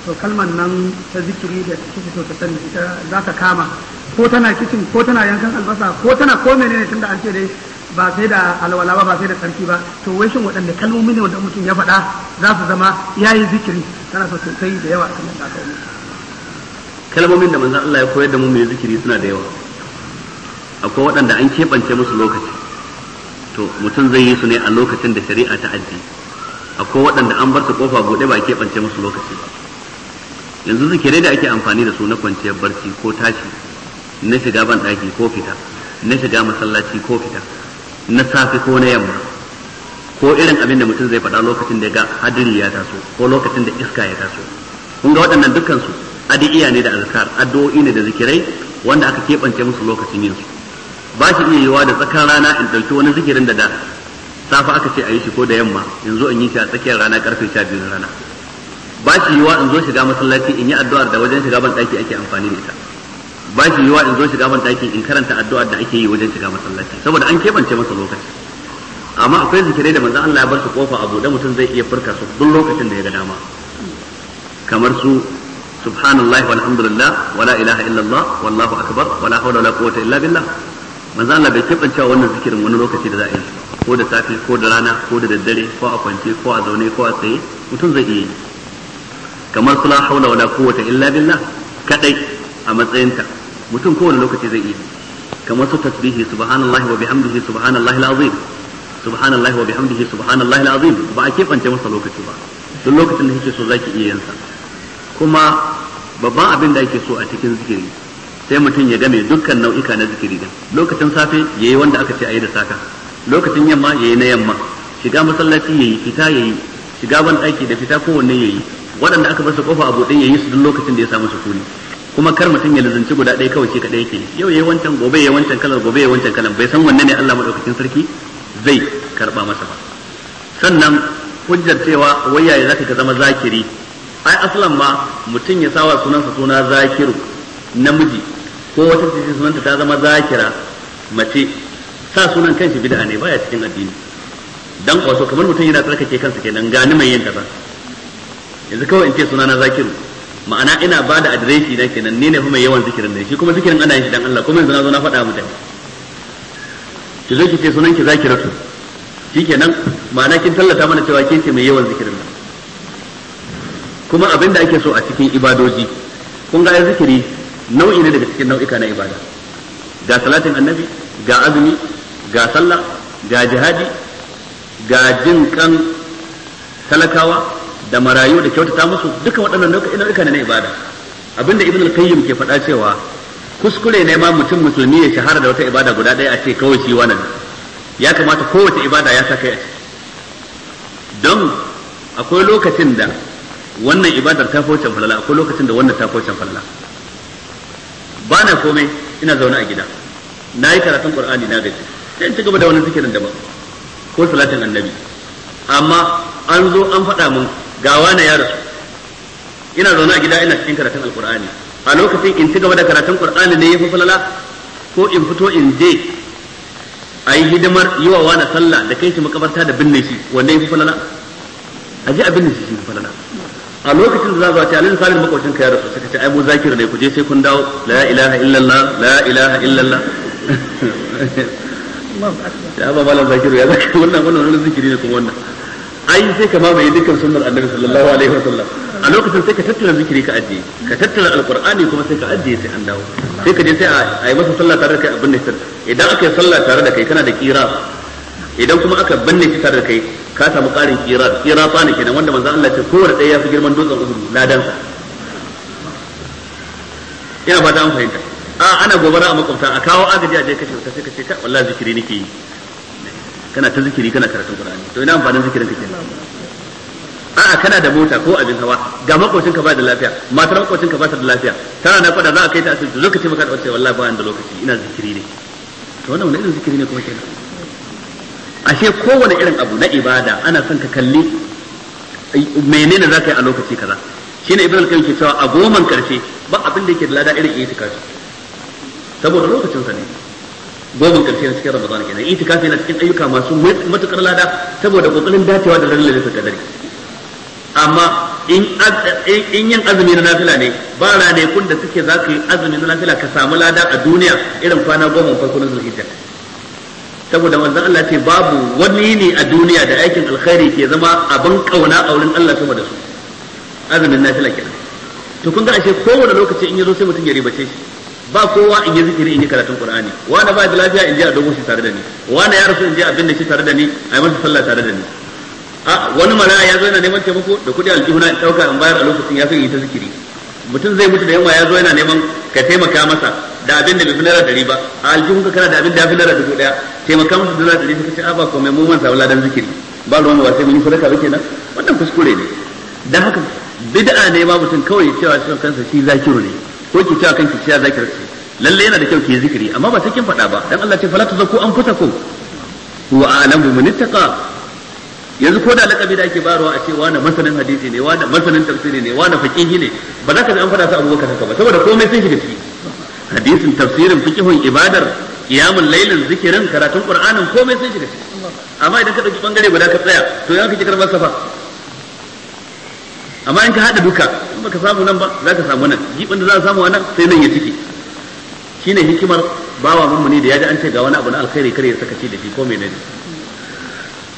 C: to kalman nan ta zikiri da kike so ta sani ita za ka kama ko tana kicin ko tana yankan albasa ko tana ko menene tunda an ce dai ba sai da alwala ba ba sai da tsarki ba to wai shin waɗanne kalmomi ne wanda mutum ya faɗa za su zama yayi zikiri tana so sosai da yawa kamar da aka
D: kalmomin da manzon Allah ya koyar da mu mai zikiri suna da yawa akwai waɗanda an keɓance musu lokaci to mutum zai yi su ne a lokacin da shari'a ta addini akwai waɗanda an bar su kofa buɗe ba a keɓance musu lokaci ba yanzu zikirai da ake amfani da su na kwanciyar barci ko tashi na shiga ban ɗaki ko fita na shiga masallaci ko fita na safe ko na yamma ko irin abin da mutum zai faɗa lokacin da ga hadiri ya taso ko lokacin da iska ya taso kun ga waɗannan dukkan su adi'iya ne da azkar addu'o'i ne da zikirai wanda aka keɓance musu lokacin yinsu ba shi iya yiwa da tsakar rana in ɗauki wani zikirin da da safa aka ce a yi shi ko da yamma yanzu in yi shi a tsakiyar rana karfe sha na rana ba shi yiwa in zo shiga masallaci in yi addu'ar da wajen shiga ban daki ake amfani da ita ba shi yiwa in zo shiga ban daki in karanta addu'ar da ake yi wajen shiga masallaci saboda an kebance masa lokaci amma akwai zikirai da manzon Allah ya bar su kofa a buɗe mutum zai iya furka su duk lokacin da ya ga dama kamar su subhanallahi walhamdulillah wala ilaha illallah wallahu akbar wala hawla wala quwwata illa billah manzon Allah bai kebance wannan zikirin wani lokaci da za a yi ko da safe ko da rana ko da daddare ko a kwance ko a zaune ko a tsaye mutum zai iya yi kamar sula haula wala quwwata illa billah kadai a matsayinta mutum kowane lokaci zai iya kamar su tasbihi subhanallahi wa bihamdihi subhanallahi alazim subhanallahi wa bihamdihi subhanallahi alazim ba a kebance masa lokaci ba duk lokacin da kike so zaki iya yin sa kuma babban abin da ake so a cikin zikiri sai mutum ya game dukkan nau'ika na zikiri din lokacin safe yayi wanda aka ce ayi da saka lokacin yamma ya yi na yamma shiga masallaci ya yi fita ya yi shiga ban aiki da fita kowanne yi waɗanda aka basu kofa a buɗe yi su duk lokacin da ya samu sukuni kuma kar mutum ya lizanci guda ɗaya kawai shi kaɗai yake yau yayi wancan gobe yayi wancan kalar gobe yayi wancan kalar bai san wanne ne Allah madaukakin sarki zai karba masa ba sannan hujjar cewa ya zaka ka zama zakiri ai aslan ma mutum ya sawa sunansa suna zakiru namiji ko wata ce sunanta ta zama zakira mace sa sunan kansa bid'a ne baya cikin addini dan kwaso kamar mutum yana tsarkake kansa kenan gani mai yin kaza yanzu kawai in ce sunana zakiru ma'ana ina ba da adireshi na kenan ne ne fa mai yawan zikirin ne shi kuma zikirin ana yin shi dan Allah kuma yanzu na zo na faɗa mutane ki zo ki ce sunan ki zakiratu shikenan ma'ana kin tallata mana cewa kin ce mai yawan zikirin nan kuma abin da ake so a cikin ibadoji kun ga zikiri nau'i ne daga cikin nau'ika na ibada ga salatin annabi ga azumi ga sallah ga jihadi ga jin kan talakawa da marayu da kyautata musu duka waɗannan nau'ika ne na ibada abinda ibn al-qayyim ke faɗa cewa kuskure ne ma mutum musulmi ya shahara da wata ibada guda ɗaya a ce kawai shi wannan ya kamata kowace ibada ya saka don akwai lokacin da wannan ibadar ta fi wancan falala akwai lokacin da wannan ta fi wancan falala ba na komai ina zaune a gida na yi karatun Al-ƙur'ani na gaji sai ci gaba da wani zikirin daban ko salatin annabi amma an zo an faɗa mun ga wani ya rasu ina zaune a gida ina cikin karatun alkur'ani a lokacin in ci gaba da karatun alkur'ani ne yafi falala ko in fito in je a yi hidimar yi wa wani sallah da kai shi makabarta da binne shi wanda yafi falala a je a binne shi shi falala a lokacin da za zuwa ce alin salin makwacin ka ya rasu suka ce ai mu zakir ne ku je sai kun dawo la ilaha illallah la ilaha illallah ya ba malam zakiru ya zaka wannan wannan wani zikiri ne kuma wannan ai sai ka mamaye dukkan sunnar annabi sallallahu alaihi wasallam a lokacin sai ka tattara zikiri ka ajiye ka tattara alqur'ani kuma sai ka ajiye sai an dawo sai ka je sai a yi masa sallah tare da kai abin nisan idan aka yi sallah tare da kai kana da kira idan kuma aka binne shi tare da kai ka samu ƙarin kira kira tsani kenan wanda manzo Allah ce kowanne ɗaya ya fi girman dutsen uhud ladan sa
B: ina ta an fahimta
D: a ana gobara a makwabta a kawo agaji a je kashe wuta sai ka ce wallahi zikiri nake yi kana ta zikiri kana karatun qur'ani to ina amfanin zikirin ka
B: a
D: a'a kana da mota ko abin hawa ga makocin ka ba da lafiya matar makocin ka ba ta da lafiya tana na fada za a kai ta asibiti lokaci maka da wace wallahi ba da lokaci ina zikiri ne to wannan wani irin zikiri ne kuma kenan ashe kowane irin abu na ibada ana son ka kalli menene za yi a lokaci kaza shine ibnu al-qayyim ke cewa a goman karshe ba abin da yake da lada irin itikafi saboda lokacin sa ne gobin karshe na cikin ramadan kenan itikafi na cikin ayyuka masu matukar lada saboda kokarin dacewa da ranar lalatul kadari amma in yin azumi na nafila ne ba ranakun da suke za ka yi azumi na nafila ka samu lada a duniya irin kwana goma farko na zulhijja saboda manzon Allah ce babu wani ne a duniya da aikin alkhairi ke zama abin kauna a wurin Allah sama da su azumin nafila kenan to kun ga ashe kowane lokaci in yazo sai mutum ya ribace shi ba kowa in yi zikiri in yi karatun qur'ani wani ba da lafiya in je a dogo shi tare da ni wani ya rasu in je abin da shi tare da ni a yi masa sallah tare da ni a wani mara ya zo yana neman taimako da kuɗi aljihuna in ɗauka in bayar a lokacin ya san yi ta zikiri mutum zai mutu da yamma ya zo yana neman ka taimaka masa da abin da bai fi naira ɗari ba a aljihun kana da abin da ya fi naira dubu ɗaya taimaka masa da naira ɗari suka ce a ba komai mun manta dan zikiri ba ruwan ba sai mun yi sadaka ba kenan wannan kuskure ne dan haka bid'a ne ma mutum kawai cewa shi kansa shi zakiru ne ko ki ta kanki ciya zakir lalle yana da kyau ki zikiri amma ba sai kin faɗa ba dan Allah ce fala tuzakku anfusakum wa a'lamu min ittaqa yanzu ko da lakabi da ake barwa a ce wani masanin hadisi ne wani masanin tafsiri ne wani faqihi ne ba za ka ji an faɗa su abubakar haka ba saboda komai sun shiga ciki hadisin tafsirin fiqhun ibadar qiyamul lailin zikirin karatun qur'anin komai sun shiga ciki amma idan ka dauki bangare guda ka tsaya to yanka kike karbar safa amma in ka hada duka in baka samu nan ba za ka samu nan jibin da za a samu nan sai nan ya ciki shine hikimar bawa mummuni da ya ji an ce ga wani abu na alkhairi kare ya saka ci da shi ko menene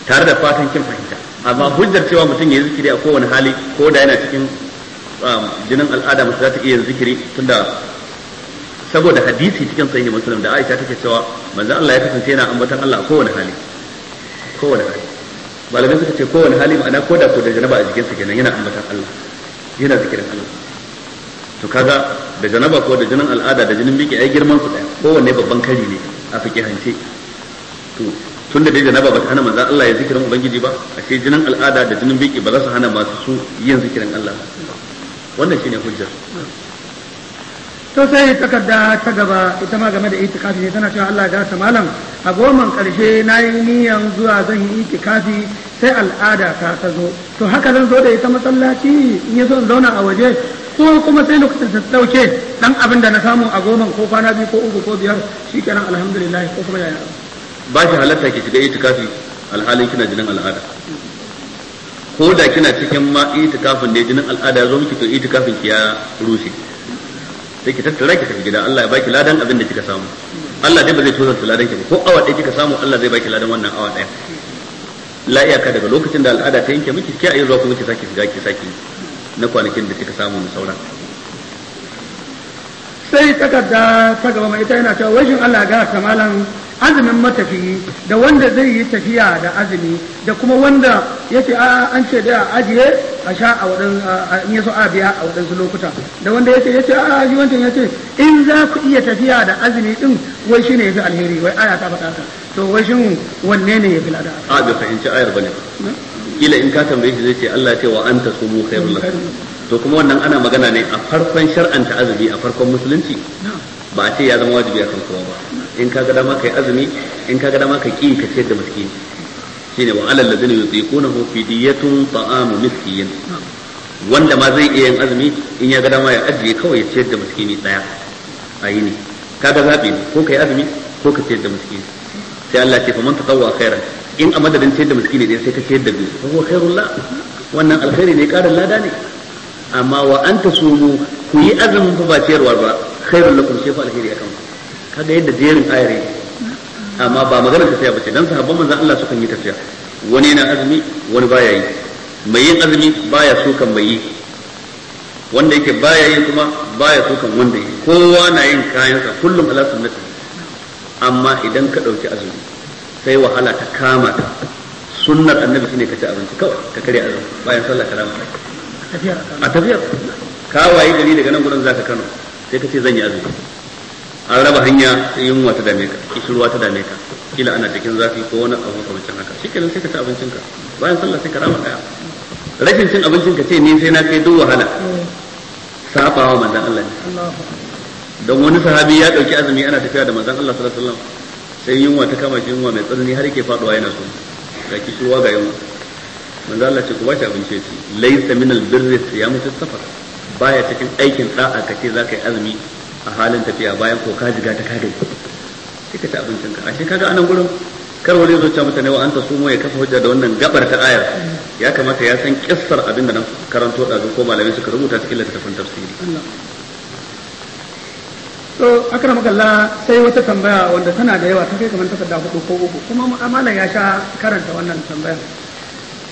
D: tare da fatan kin fahimta amma hujjar cewa mutum ya yi zikiri a kowane hali ko da yana cikin um, jinin al'ada mutum za ta iya zikiri tunda saboda hadisi cikin sahihi muslim da Aisha take cewa manzon Allah ya kasance yana ambaton Allah a kowane hali kowane hali malamai suka ce kowane hali ma'ana ko da ko da janaba a jikinsa kenan yana ambaton Allah yana zikirin Allah to kaga da janaba ko da jinin al'ada da jinin biki ai girman su daya kowanne babban kari ne a fiqihance to tunda dai janaba ba ta hana manzon Allah ya zikirin ubangiji ba ashe jinin al'ada da jinin biki ba za su hana masu su yin zikirin Allah wannan shine hujjar
C: to sai takarda ta gaba ita ma game da itikafi ne tana cewa Allah ya gasa malam a goman karshe na yi niyan zuwa zan yi itikafi sai al'ada ta ta zo to haka zan zo da ita masallaci in ya zan zauna a waje ko kuma sai lokacin ta dauke dan abin da na samu a goman ko kwana biyu ko uku ko biyar shikenan alhamdulillah ko kuma yaya
D: ba shi halatta ki shiga itikafi alhalin kina jinin al'ada ko da kina cikin ma itikafin da jinin al'ada ya zo miki to itikafin ki ya rushe sai ki tattara ki tafi gida Allah ya baki ladan abin da kika samu Allah dai ba zai tozanta ladan ki ba ko awa ɗaya kika samu Allah zai baki ladan wannan awa ɗaya la iyaka daga lokacin da al'ada ta yanke miki ki ayi zuwa kuma ki sake shiga ki sake na kwanakin da kika samu na saura
C: sai takarda ta gaba mai ita yana cewa wajin Allah ga kamalan azumin matafiyi da wanda zai yi tafiya da azumi da kuma wanda yake a an ce da ajiye a sha a wadan in yaso a biya a waɗansu lokuta da wanda ya yace a ji wancan ce in za ku iya tafiya da azumi din wai shine fi alheri wai aya ta faɗa ta to wai shin wanne ne yafi lada a bai
D: fahimci ayar bane kila in ka tambaye shi zai ce Allah ya ce wa anta sumu khairul lakum to kuma wannan ana magana ne a farkon shar'anta azumi a farkon musulunci ba a ce ya zama wajibi a kan kowa ba in ka ga dama kai azumi in ka ga dama ka ki ka ciyar da miskini shine wa alal ladina yutiqunahu fidyatun ta'amu miskin wanda ma zai iya yin azumi in ya ga dama ya ajiye kawai ya ciyar da miskini daya a yi ne kaga zabi ne ko kai azumi ko ka ciyar da miskini sai Allah ce faman tatawwa khairan in a madadin ciyar da miskini dai sai ka ciyar da biyu fa huwa khairul la wannan alkhairi ne karin lada ne amma wa anta sumu ku yi azumin fa ba ciyarwa ba khairul lakum sai fa alkhairi akan ku kaga yadda jerin ayar yake amma ba maganar tafiya ba ce dan sahabban manzon Allah sukan yi tafiya wani yana azumi wani baya yi mai yin azumi baya sukan mai yi wanda yake baya yi kuma baya sukan wanda yi kowa na yin kayansa kullum ala sunnati amma idan ka dauki azumi sai wahala ta kama ta sunnar annabi shine ka ci abinci kawai ka kare azumi bayan sallah ka rama a tafiya ka waye gari daga nan gurin zaka Kano sai ka ce zan yi azumi an raba hanya yunwa ta dame ka kishirwa ta dame ka kila ana cikin zafi ko wani abu makamancin haka shi kenan sai ka ci abincin ka bayan sallah sai ka rama daya rashin cin abincin ka ce ni sai na kai duk wahala sabawa manzon Allah ne don wani sahabi ya dauki azumi ana tafiya da manzon Allah sallallahu alaihi wasallam sai yunwa ta kama shi yunwa mai tsanani har yake faduwa yana so ga kishirwa ga yunwa manzon Allah ce ku ba shi abinci ci laysa minal birri siyamu fi safar baya cikin aikin da'a kace zakai yi azumi a halin tafiya bayan ko ka jiga ta kare sai ka ci abincin ka ashe kaga anan gurin kar wani zo ce mutane wa anta sumo ya kafa hujja da wannan gabar ta ayar ya kamata ya san kissar abin da na karanto da ko malamai suka rubuta cikin littafin tafsiri
C: to Akara kalla sai wata tambaya wanda tana da yawa ta kai kamar takarda hudu ko uku kuma mu'amalan ya sha karanta wannan tambaya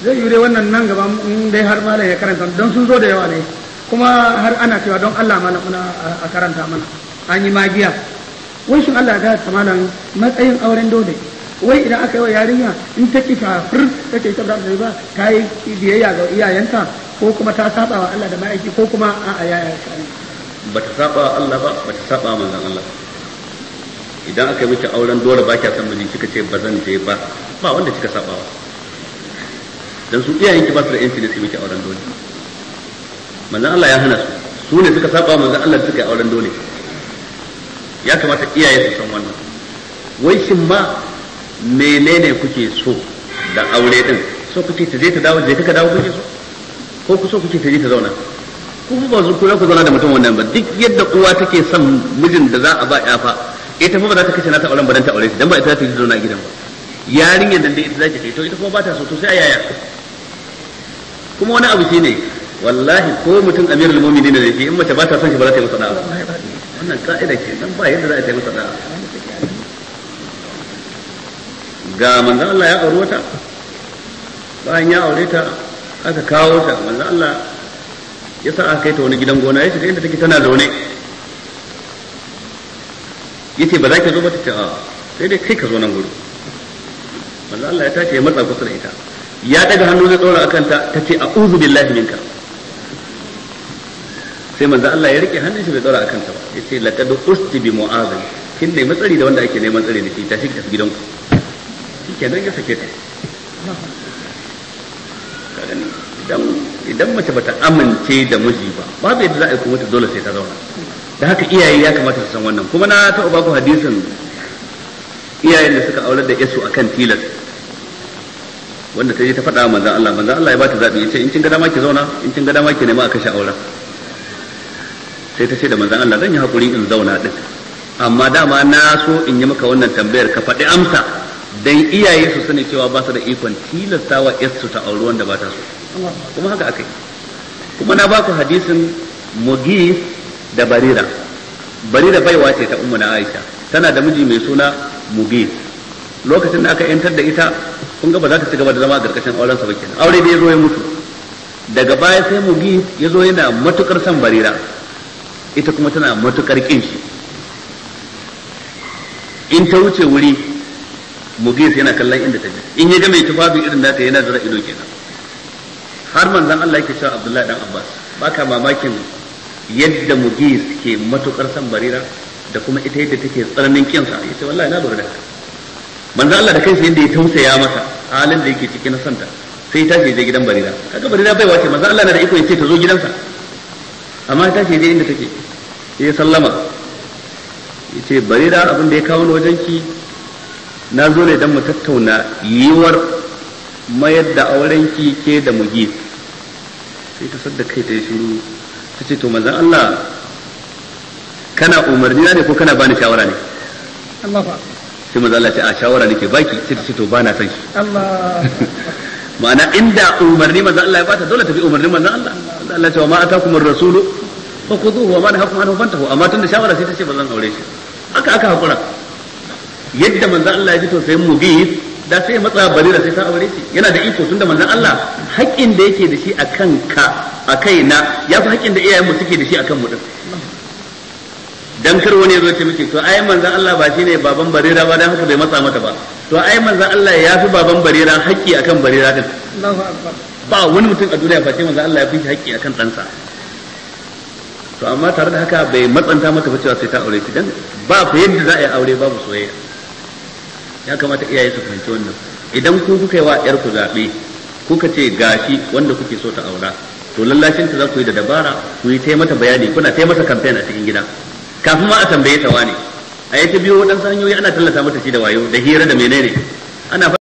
C: zai yi wannan nan gaba in dai har malam ya karanta don sun zo da yawa ne kuma har ana cewa don Allah mana muna a karanta mana an yi magiya wai shin Allah ya ta malam matsayin auren dole wai idan aka yi wa yarinya in ta ki fafir ta ce ta ba ta yi biyayya ga iyayenta ko kuma ta saba wa Allah da ma'aiki ko kuma a a yaya
D: ba ta saba Allah ba ba ta saba wa Allah idan aka yi miki auren dole ba kya san miji kika ce ba zan je ba ba wanda kika saba wa dan su iyayenki ba su da yanci ne su miki auren dole manzon Allah ya hana su su ne suka saba manzon Allah suka yi auren dole ya kamata iyaye su san wannan wai shin ma menene kuke so da aure din so kuke ta je ta dawo je ka dawo kuke so ko ku so kuke ta je ta zauna ku ba zo ku ku zauna da mutum wannan ba duk yadda uwa take son mijin da za a ba ya fa ita fa ba za ta kace na ta auren ba dan ta aure shi dan ba ita za ta je zauna gidan ba yarinyar da ita za ta kai to ita kuma ba ta so to sai a yaya kuma wani abu shine wallahi ko mutum amirul mu'minin ne shi in mace ba ta son shi ba za ta yi masa da'a wannan ka'ida ce dan ba yadda za a yi masa da'a ga manzo Allah ya aure ta bayan ya aure ta aka kawo ta manzo Allah ya sa aka kai ta wani gidan gona ya shiga inda take tana zaune yace ba za ki zo ba ta ce a sai dai kai ka zo nan gudu manzo Allah ya tace ya matsa kusa da ita ya daga hannu zai tsora akan ta tace a'udhu billahi minka sai manzo Allah ya rike hannun shi bai tsara akan ta ba yace laqad usti bi mu'azin kin dai matsari da wanda ake neman tsari da shi tashi ka tafi kike nan ya sake ta idan idan mace bata amince da miji ba babu yadda za a yi kuma ta dole sai ta zauna da haka iyaye ya kamata su san wannan kuma na taɓa ku hadisin iyayen da suka aurar da yasu akan tilas wanda ta je ta faɗa manzan Allah manzan Allah ya ba ta zaɓi ya ce in kin ga dama ki zauna in kin ga dama ki nema a kashe auren sai ta ce da manzan Allah zan yi hakuri in zauna ɗin amma dama na so in yi maka wannan tambayar ka faɗi amsa dan iyaye su sani cewa ba su da ikon tilastawa yarsu ta auri wanda ba ta
B: so
D: kuma haka akai kuma na baku hadisin Mugi da barira barira baiwa ce ta ummu na aisha tana da miji mai suna Mugi. lokacin da aka yantar da ita kun ga ba za ta ci gaba da zama a karkashin auren sa ba kenan aure da ya zo ya mutu daga baya sai Mugi ya zo yana matukar son barira ita kuma tana matukar kin shi in ta wuce wuri mugis yana kallon inda ta je in ya ga mai tufafi irin nata yana zira ido kenan har manzon Allah yake cewa Abdullahi dan Abbas baka mamakin yadda mugis ke matukar san barira da kuma ita yadda take tsananin sa yace wallahi na lura da haka manzon Allah da kansa yadda ya tausaya masa halin da yake cikin na santa sai ta je gidan barira kaga barira bai wace manzon Allah na da iko ya ce ta zo gidansa amma ta ce inda take ya sallama ya ce bari da abin da ya kawo ni wajen ki na zo ne don mu tattauna yiwuwar mayar da auren ki ke da mugi sai ta sadda kai ta yi shiru ta ce to manzan Allah kana umarni na ne ko kana bani shawara ne
C: sai
D: manzan Allah ce a shawara nake baki sai ta ce to bana san
C: shi
D: ma'ana inda umarni manzon Allah ya bata dole ta bi umarnin manzon Allah Allah ya ce ma atakum ar-rasul fa khuduhu wa ma nahakum anhu fantahu amma tunda shawara sai ta ce bazan aure shi haka aka hakura yadda manzon Allah ya ji to sai mu bi da sai matsa barira sai ta aure shi yana da iko tunda manzon Allah haƙƙin da yake da shi akan ka akai na yafi haƙƙin da iyayen mu suke da shi akan mu din dan kar wani zo ce miki to ai manzon Allah ba shine baban barira ba dan haka bai matsa mata ba to ai manzon Allah ya fi baban barira haƙƙi akan barira din ba wani mutum a duniya face manzon Allah ya fi haƙƙi akan ɗansa to amma tare da haka bai matsanta mata ba cewa sai ta aure ki dan ba fa yadda za a yi aure babu soyayya ya kamata iyaye su fahimci wannan idan ku kuka yi wa yar ku zabe kuka ce gashi wanda kuke so ta aura to lallashin ta za ku yi da dabara ku yi taimata bayani kuna taimata
B: kamfen a cikin gida kafin ma a tambaye ta wane a yi ta biyo waɗansu hanyoyi ana tallata mata shi da wayo da hira da menene ana